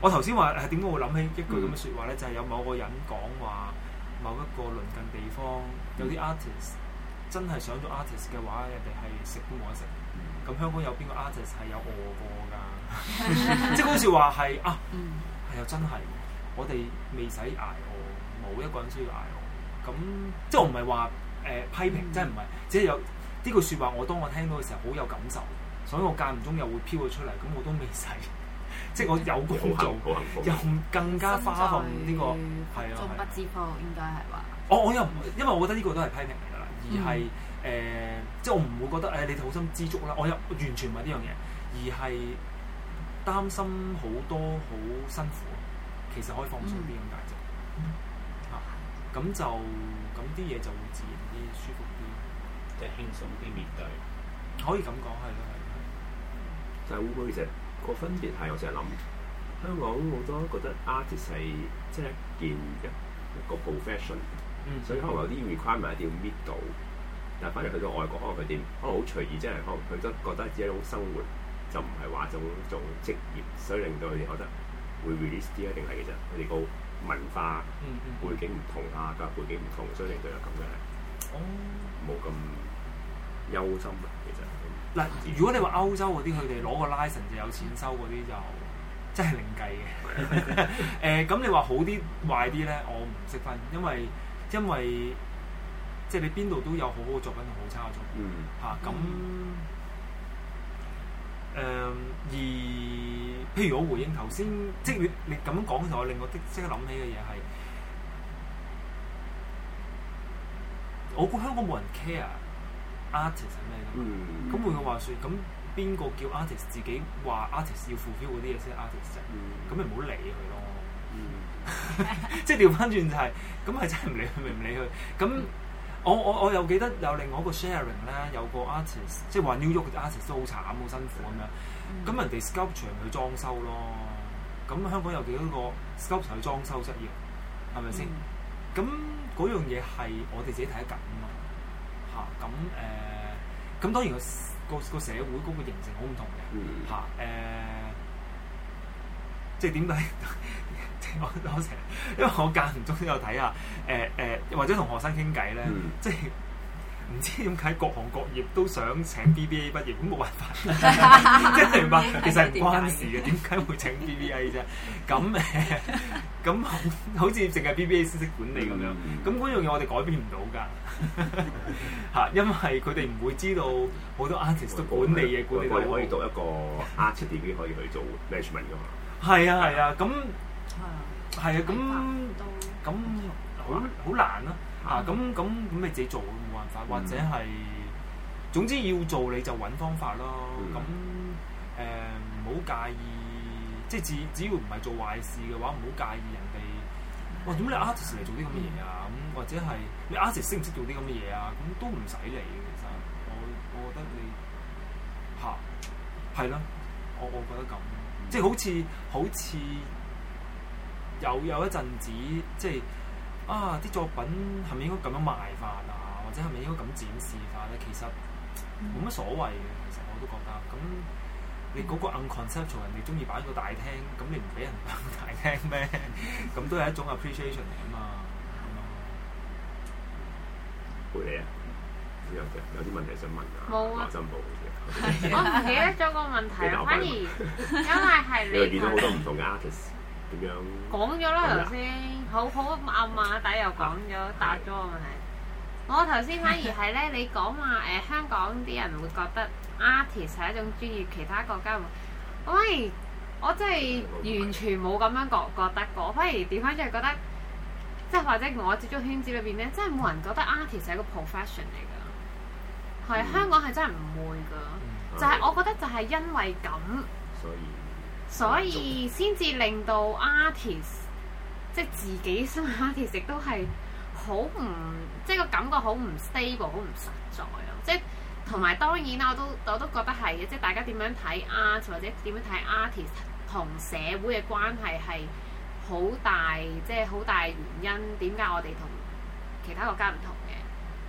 我頭先話係點解會諗起一句咁嘅説話咧， 就係有某個人講話某一個鄰近地方。有啲 artist 真係想做 artist 嘅話，人哋係食都冇得食。咁、嗯、香港有邊個 artist 係有餓過㗎？即係好似話係啊，係又、嗯嗯、真係。我哋未使挨餓，冇一個人需要挨餓。咁即係我唔係話誒批評，真係唔係，只係有呢句説話。我當我聽到嘅時候好有感受，所以我間唔中又會飄咗出嚟。咁我都未使，即係我有工作，又更加花心呢、這個，啊，不支付應該係話。我我、oh, 又唔，因為我覺得呢個都係批評嚟噶啦，而係誒、嗯呃，即係我唔會覺得誒、哎，你就好心知足啦。我又完全唔係呢樣嘢，而係擔心好多，好辛苦，其實可以放鬆啲咁大隻嚇。咁、嗯、就咁啲嘢就會自然啲，舒服啲，即係輕鬆啲面對。可以咁講係咯，係但係烏龜其實個分別係，我成日諗香港好多覺得 artist 係即係見嘅一個 profession。Mm hmm. 所以可能有啲 requirement 一定要搣到，但係反而去到外國。可能佢哋可能好隨意，即係可能佢都覺得係一種生活就，就唔係話一種一種職業，所以令到佢哋覺得會 release 啲，一定係其實佢哋個文化背景唔同、mm hmm. 啊，個背景唔同，所以令到係咁嘅。哦，冇咁憂心其實嗱，嗯、如果你話歐洲嗰啲，佢哋攞個 license 就有錢收嗰啲，就真係另計嘅。誒，咁你話好啲、壞啲咧，我唔識分，因為。因為即係你邊度都有好好嘅作品同好差嘅作品，嚇咁誒。而譬如我回應頭先，即你咁講嘅時候，令我即刻諗起嘅嘢係，我估香港冇人 care artist 係咩㗎嘛。咁換句話説，咁邊個叫 artist？自己話 artist 要付 bill 嗰啲嘢先 artist 啫，咁咪唔好理佢咯。即係調翻轉就係，咁係真係唔理佢，咪、就、唔、是、理佢。咁、嗯、我我我又記得有另外一個 sharing 咧，有個 artist，即係話 New York artist 都好慘，好辛苦咁樣。咁、嗯、人哋 sculpture 去裝修咯，咁香港有幾多個 sculpture 去裝修職業，係咪先？咁嗰、嗯、樣嘢係我哋自己睇得緊啊。吓，咁、呃、誒，咁當然個個社會嗰個形成好唔同嘅吓，誒、嗯啊呃，即係點解？ 我我因為我間唔中都有睇下，誒、呃、誒、呃，或者同學生傾偈咧，嗯、即係唔知點解各行各業都想請 BBA 畢業，咁冇辦法， 即係明白其實唔關事嘅，點解會請 BBA 啫？咁誒， 咁、呃、好似淨係 BBA 先識管理咁、嗯、樣，咁嗰樣嘢我哋改變唔到噶，嚇， 因為佢哋唔會知道好多 artist 都管理嘅，管理嘅。可以讀一個 Art Degree 可以去做 management 噶嘛？係啊係啊，咁、啊。係、嗯、 啊，咁咁好好難咯嚇，咁咁咁你自己做冇辦法，或者係總之要做你就揾方法咯。咁誒唔好介意，即係只只要唔係做壞事嘅話，唔好介意人哋。哇！點解你 artist 嚟做啲咁嘅嘢啊？咁、嗯、或者係你 artist 識唔識做啲咁嘅嘢啊？咁都唔使理，其實我我覺得你吓，係、啊、咯，我我覺得咁，嗯、即係好似好似。又有一陣子，即係啊啲作品係咪應該咁樣賣法啊，或者係咪應該咁展示法咧、啊？其實冇乜所謂嘅，其實我都覺得。咁你嗰個 concept 從人哋中意擺喺個大廳，咁你唔俾人擺喺大廳咩？咁 都係一種 appreciation 嚟啊嘛。佩莉啊，啊，有隻有啲問題想問啊，冇啊問，補的我唔記得咗個問題，Penny，因為係你。你又見到好多唔同嘅 artist。講咗啦頭先，好好暗馬、啊、底下又講咗答咗個問題。我頭先 反而係咧，你講話誒香港啲人會覺得 artist 係一種專業，其他國家會，我反而我真係完全冇咁樣覺覺得過。反而點翻就係覺得，即係或者我接觸圈子裏邊咧，真係冇人覺得 artist 係一個 profession 嚟㗎。係香港係真係唔會㗎，嗯、就係我覺得就係因為咁。所以所以先至令到 artist，即係自己身 artist 亦都係好唔，即係個感覺好唔 stable，好唔實在咯。即係同埋當然啦，我都我都覺得係嘅，即係大家點樣睇 artist 或者點樣睇 artist 同社會嘅關係係好大，即係好大原因點解我哋同其他國家唔同嘅？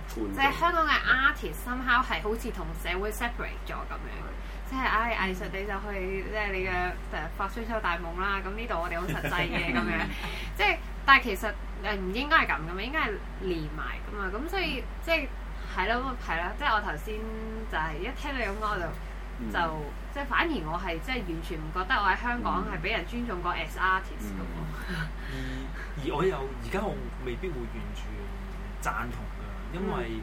著即係香港嘅 artist 身口係好似同社會 separate 咗咁樣。嗯即係，唉、哎，藝術你就去，即、就、係、是、你嘅誒發吹吹大夢啦。咁呢度我哋好實際嘅咁 樣，即、就、係、是，但係其實誒唔應該係咁嘅，應該係連埋噶嘛。咁所以即係係咯，係咯、嗯。即係、就是、我頭先就係一聽到咁講，我就、嗯、就即係、就是、反而我係即係完全唔覺得我喺香港係俾人尊重過 as artist、嗯、嘅 而而我又而家我未必會完全贊同嘅，因為，嗯、因為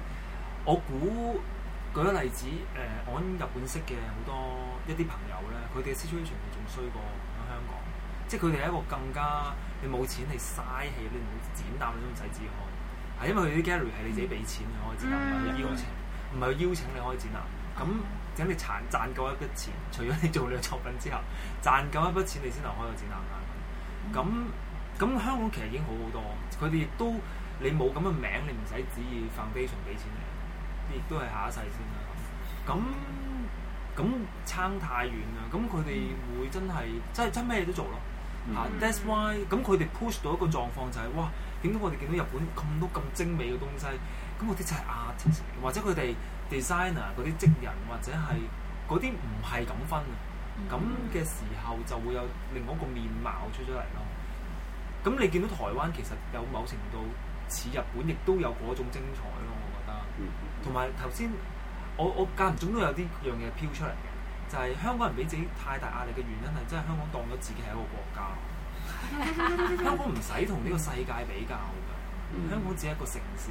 我估。舉個例子，誒、呃，我喺日本識嘅好多一啲朋友咧，佢哋嘅 situation 仲衰過香港，即係佢哋係一個更加你冇錢你嘥氣，你冇展覽你都唔使支付，係因為佢啲 gallery 係你自己俾錢去開展覽，嗯、邀請唔係、嗯、邀請你開展覽，咁等、嗯、你賺賺夠一筆錢，除咗你做你作品之後，賺夠一筆錢你先能夠開個展覽啦。咁咁、嗯、香港其實已經好好多，佢哋都你冇咁嘅名，你唔使指意 foundation 俾錢。亦都係下一世先啦。咁咁撐太遠啦。咁佢哋會真係真真咩嘢都做咯。嚇、mm hmm. uh,that's why。咁佢哋 push 到一個狀況就係、是：哇，點解我哋見到日本咁多咁精美嘅東西？咁嗰啲就係啊，或者佢哋 designer 嗰啲職人，或者係嗰啲唔係咁分啊。咁嘅時候就會有另一個面貌出咗嚟咯。咁、mm hmm. 你見到台灣其實有某程度似日本，亦都有嗰種精彩咯。我覺得。同埋頭先，我我間唔中都有啲樣嘢飄出嚟嘅，就係香港人俾自己太大壓力嘅原因係，真係香港當咗自己係一個國家。 香港唔使同呢個世界比較㗎，香港只係一個城市。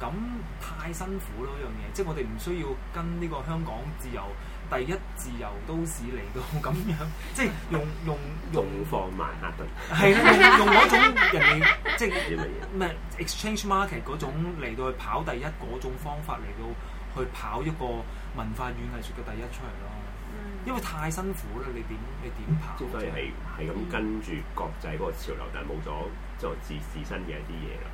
咁太辛苦咯，呢樣嘢，即係我哋唔需要跟呢個香港自由第一自由都市嚟到咁樣，即係用用用放曼哈頓，係啦，用嗰種人哋即係咩嘢，咩 exchange market 嗰種嚟、嗯、到去跑第一嗰種方法嚟到去跑一個文化與藝術嘅第一出嚟咯，嗯、因為太辛苦啦，你點你點跑？所以係係咁跟住國際嗰個潮流，但係冇咗就是、自自身嘅一啲嘢啦，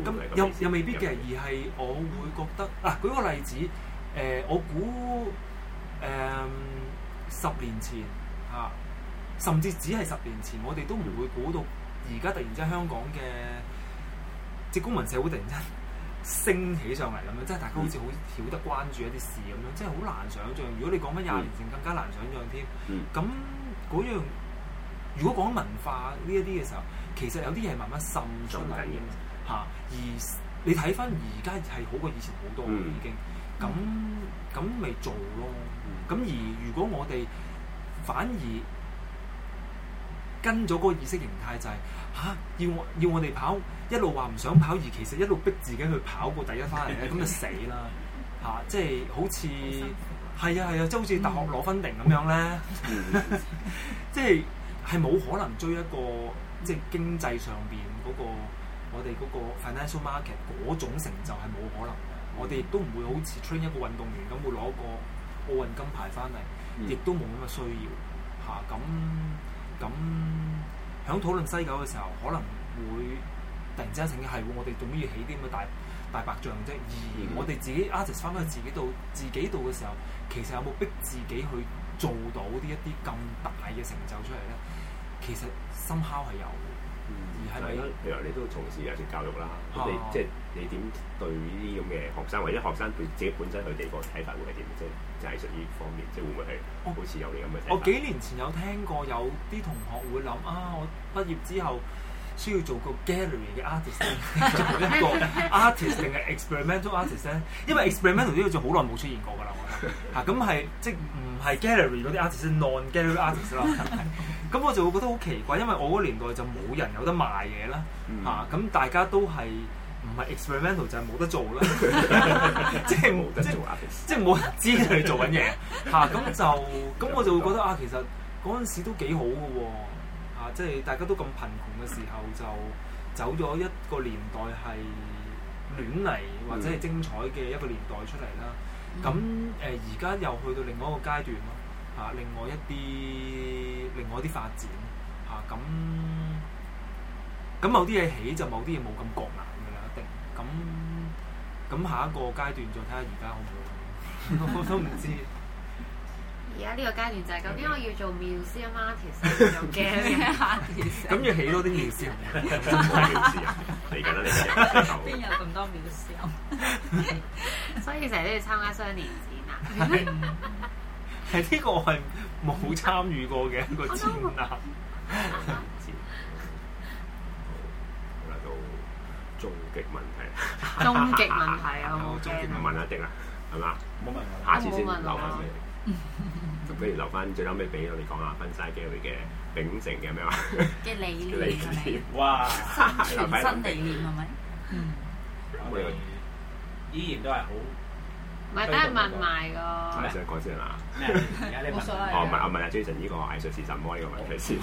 咁又又未必嘅，而係我會覺得、嗯、啊，舉個例子，誒、呃，我估誒、呃、十年前啊，甚至只係十年前，嗯、我哋都唔會估到而家突然之間香港嘅即公民社會突然間升起上嚟咁樣，即係大家好似好曉得關注一啲事咁樣，即係好難想像。如果你講返廿年前，嗯、更加難想像添。嗯。咁嗰樣，如果講文化呢一啲嘅時候，其實有啲嘢慢慢滲出嚟。嘅。嚇！而你睇翻而家係好過以前好多嘅已經，咁咁咪做咯。咁而如果我哋反而跟咗嗰個意識形態、就是，就係嚇要我要我哋跑，一路話唔想跑，而其實一路逼自己去跑過第一翻嚟咧，咁就死啦！嚇，即係好似係啊係啊，即、就、係、是、好似、嗯就是、大學攞分定咁樣咧，即係係冇可能追一個即係、就是、經濟上邊嗰、那個。我哋嗰個 financial market 嗰種成就係冇可能嘅，嗯、我哋亦都唔會好似 train 一個運動員咁會攞個奧運金牌翻嚟，亦、嗯、都冇咁嘅需要吓，咁咁響討論西九嘅時候，可能會突然之間醒起係喎，嗯、我哋總要起啲咁嘅大大白象啫。嗯、而我哋自己 artist 翻翻去自己度，自己度嘅時候，其實有冇逼自己去做到啲一啲咁大嘅成就出嚟咧？其實深敲係有嘅。係啦，譬、嗯、如你都從事藝術教育啦，咁、啊、你即係、就是、你點對呢啲咁嘅學生，或者學生對自己本身佢哋個睇法會係點啫？就是、藝術呢方面即係、就是、會唔會係、哦？好似有你咁嘅。我幾年前有聽過有啲同學會諗啊，我畢業之後需要做個 gallery 嘅 artist，一個，artist, 做一個 artist，artist 定係 experimental artist 咧？因為 experimental 呢個就好耐冇出現過㗎啦，我覺得咁係即係唔係 gallery 嗰啲 artist，non gallery artist 咯。 咁我就會覺得好奇怪，因為我嗰年代就冇人有得賣嘢啦，嚇、嗯！咁、啊、大家都係唔係 experimental 就係冇得做啦， 即係冇得做即係冇人知佢做緊嘢，嚇！咁就咁我就會覺得啊，其實嗰陣時都幾好嘅喎，即係大家都咁貧窮嘅時候，就走咗一個年代係亂嚟或者係精彩嘅一個年代出嚟啦。咁誒而家又去到另外一個階段啦。嚇！另外一啲另外啲發展，嚇，咁咁某啲嘢起就某啲嘢冇咁困難㗎啦，一定咁咁，下一個階段再睇下而家好唔好。我都唔知。而家呢個階段就係咁，因為要做妙斯啊，嘛，提斯咁要起多啲妙斯，妙斯啊！你覺得你邊有咁多妙斯，所以成日都要參加雙年展啊！係呢個我係冇參與過嘅一個戰啊！唔知，嚟到終極問題，終極問題啊！好正，唔問啊！定啊，係嘛？冇問，下次先留翻咩？就不如留翻最後尾俾我哋講下婚紗機嘅嘅秉承嘅咩話嘅理念哇！全新理念係咪？嗯，咁我哋依然都係好。唔係，等佢問埋個，藝術講先啦，冇所謂。哦，唔係，我問阿 Jason 呢個藝術是什麼呢個問題先。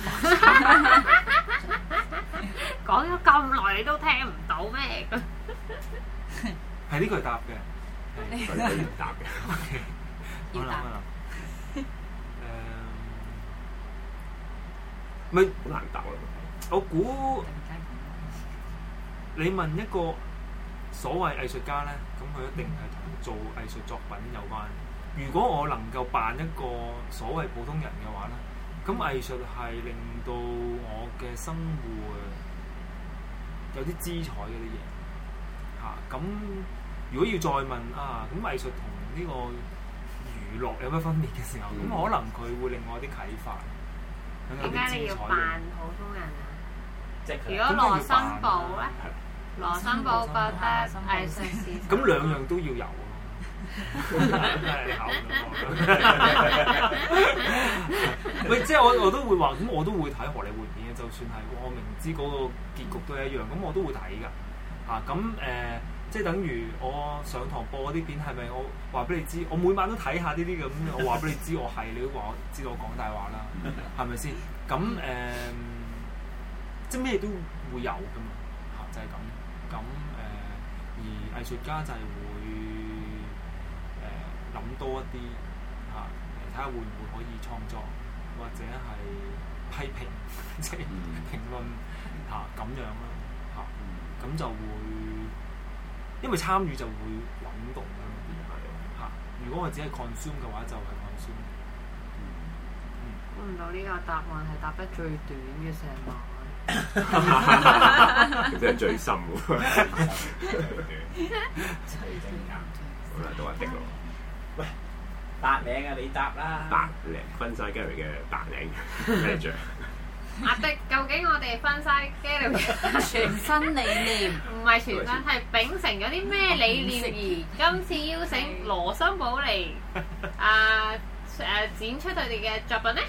講咗咁耐，你都聽唔到咩？係呢句答嘅，係呢句答嘅。要答。誒，唔係好難答喎。我估你問一個。所謂藝術家咧，咁佢一定係同做藝術作品有關。如果我能夠扮一個所謂普通人嘅話咧，咁藝術係令到我嘅生活有啲姿彩嘅啲嘢。嚇、啊，咁如果要再問啊，咁藝術同呢個娛樂有乜分別嘅時候，咁可能佢會令我有啲啟發，有啲姿彩。點解你要扮普通人啊？即如果羅生寶咧、啊？羅生報佛德，藝術史。咁兩樣都要有啊！真係考唔過。喂，即係我我都會話，咁我都會睇荷里活片嘅，就算係我明知嗰個結局都係一樣，咁、嗯、我都會睇噶。吓咁誒，即係等於我上堂播嗰啲片，係咪我話俾你知？我每晚都睇下呢啲咁，我話俾你知， 我係你都話我知道我講大話啦，係咪先？咁誒、呃，即係咩都會有噶嘛，吓、啊、就係、是、咁。藝術家就係會誒諗、呃、多一啲嚇，睇、啊、下會唔會可以創作或者係批評即係、嗯、 評論嚇咁、啊、樣啦嚇，咁、啊嗯、就會因為參與就會滾動啦，啲嘢嚇。如果我只係 consume 嘅話，就係、是、consume、嗯。嗯，估唔到呢個答案係答得最短嘅成。哈哈哈哈哈！你真係最深喎，徐正男。好啦，阿迪咯，白領啊，你答啦。白領，分晒 gallery 嘅白領，咩着？阿迪，究竟我哋分晒 gallery 全新理念，唔係全新，係秉承咗啲咩理念而今次邀請羅琛堡嚟啊誒，展出佢哋嘅作品呢？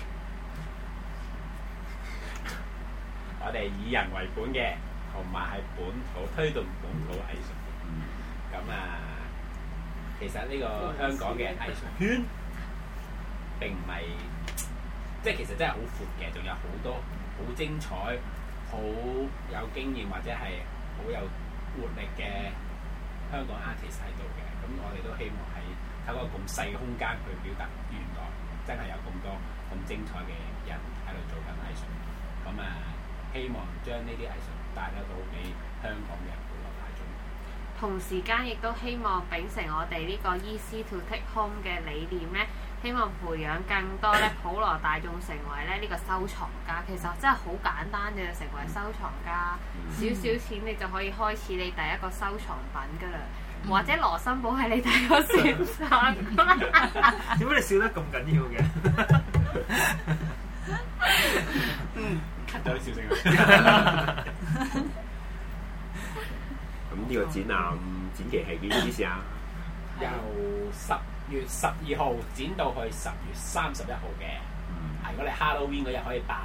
我哋以人為本嘅，同埋係本土推動本土藝術。咁、嗯、啊、嗯，其實呢個香港嘅藝術圈並唔係，即係其實真係好闊嘅，仲有好多好精彩、好有經驗或者係好有活力嘅香港 artist 喺度嘅。咁、嗯、我哋都希望喺透過咁細嘅空間去表達，原來真係有咁多咁精彩嘅人喺度做緊藝術。咁、嗯、啊～、嗯希望將呢啲藝術帶得到俾香港嘅普羅大眾，同時間亦都希望秉承我哋呢、呢個 easy to take home 嘅理念咧，希望培養更多咧普羅大眾成為咧呢個收藏家。其實真係好簡單嘅成為收藏家，少少、嗯、錢你就可以開始你第一個收藏品㗎啦。嗯、或者羅琛堡係你第一個先生，點解 你笑得咁緊要嘅？咁呢 個展覽展期係幾時啊？由十月十二號展到去十月三十一號嘅、嗯啊。如果你 Halloween 嗰日可以扮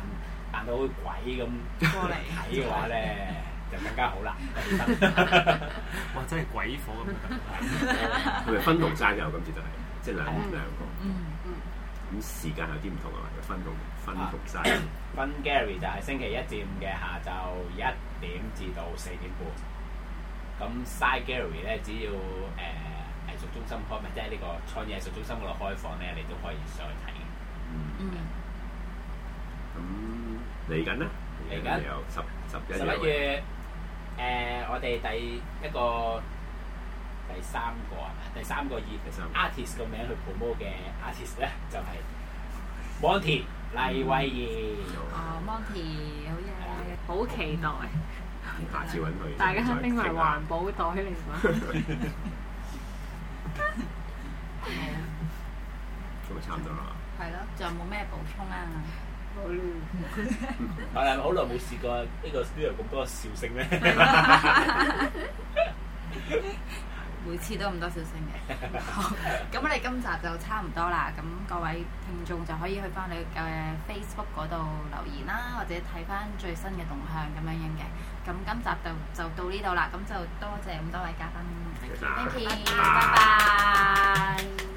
扮到鬼咁嚟睇嘅話咧， 就更加好啦！ 哇，真係鬼火！佢 哋 分晒、就係，山又今次就嚟、是，即係兩兩個。咁時間有啲唔同 啊， 分到分服晒。分 Gallery 就係星期一至五嘅下晝一點至到四點半。咁 Side Gallery 咧，只要誒、呃、藝術中心開，唔即係呢個創意藝術中心嗰度開放咧，你都可以上去睇，嗯嗯。咁嚟緊啦！嚟緊有十十一十一月誒、呃，我哋第一個。第三個啊，第三個業嘅 artist 個名去 promote 嘅 artist 咧就係 Monty 黎慧儀。哦，Monty 好嘢，好期待。下次揾佢。大家拎埋環保袋嚟講。係啊，仲咪差唔多啦。係咯，就冇咩補充啊。我哋好耐冇試過呢個 studio 咁多笑聲咧。每次都咁多笑聲嘅，好，咁我哋今集就差唔多啦，咁各位聽眾就可以去翻你嘅 Facebook 度留言啦，或者睇翻最新嘅動向咁樣樣嘅，咁今集就就到呢度啦，咁就多謝咁多位嘉賓，thank you 拜拜。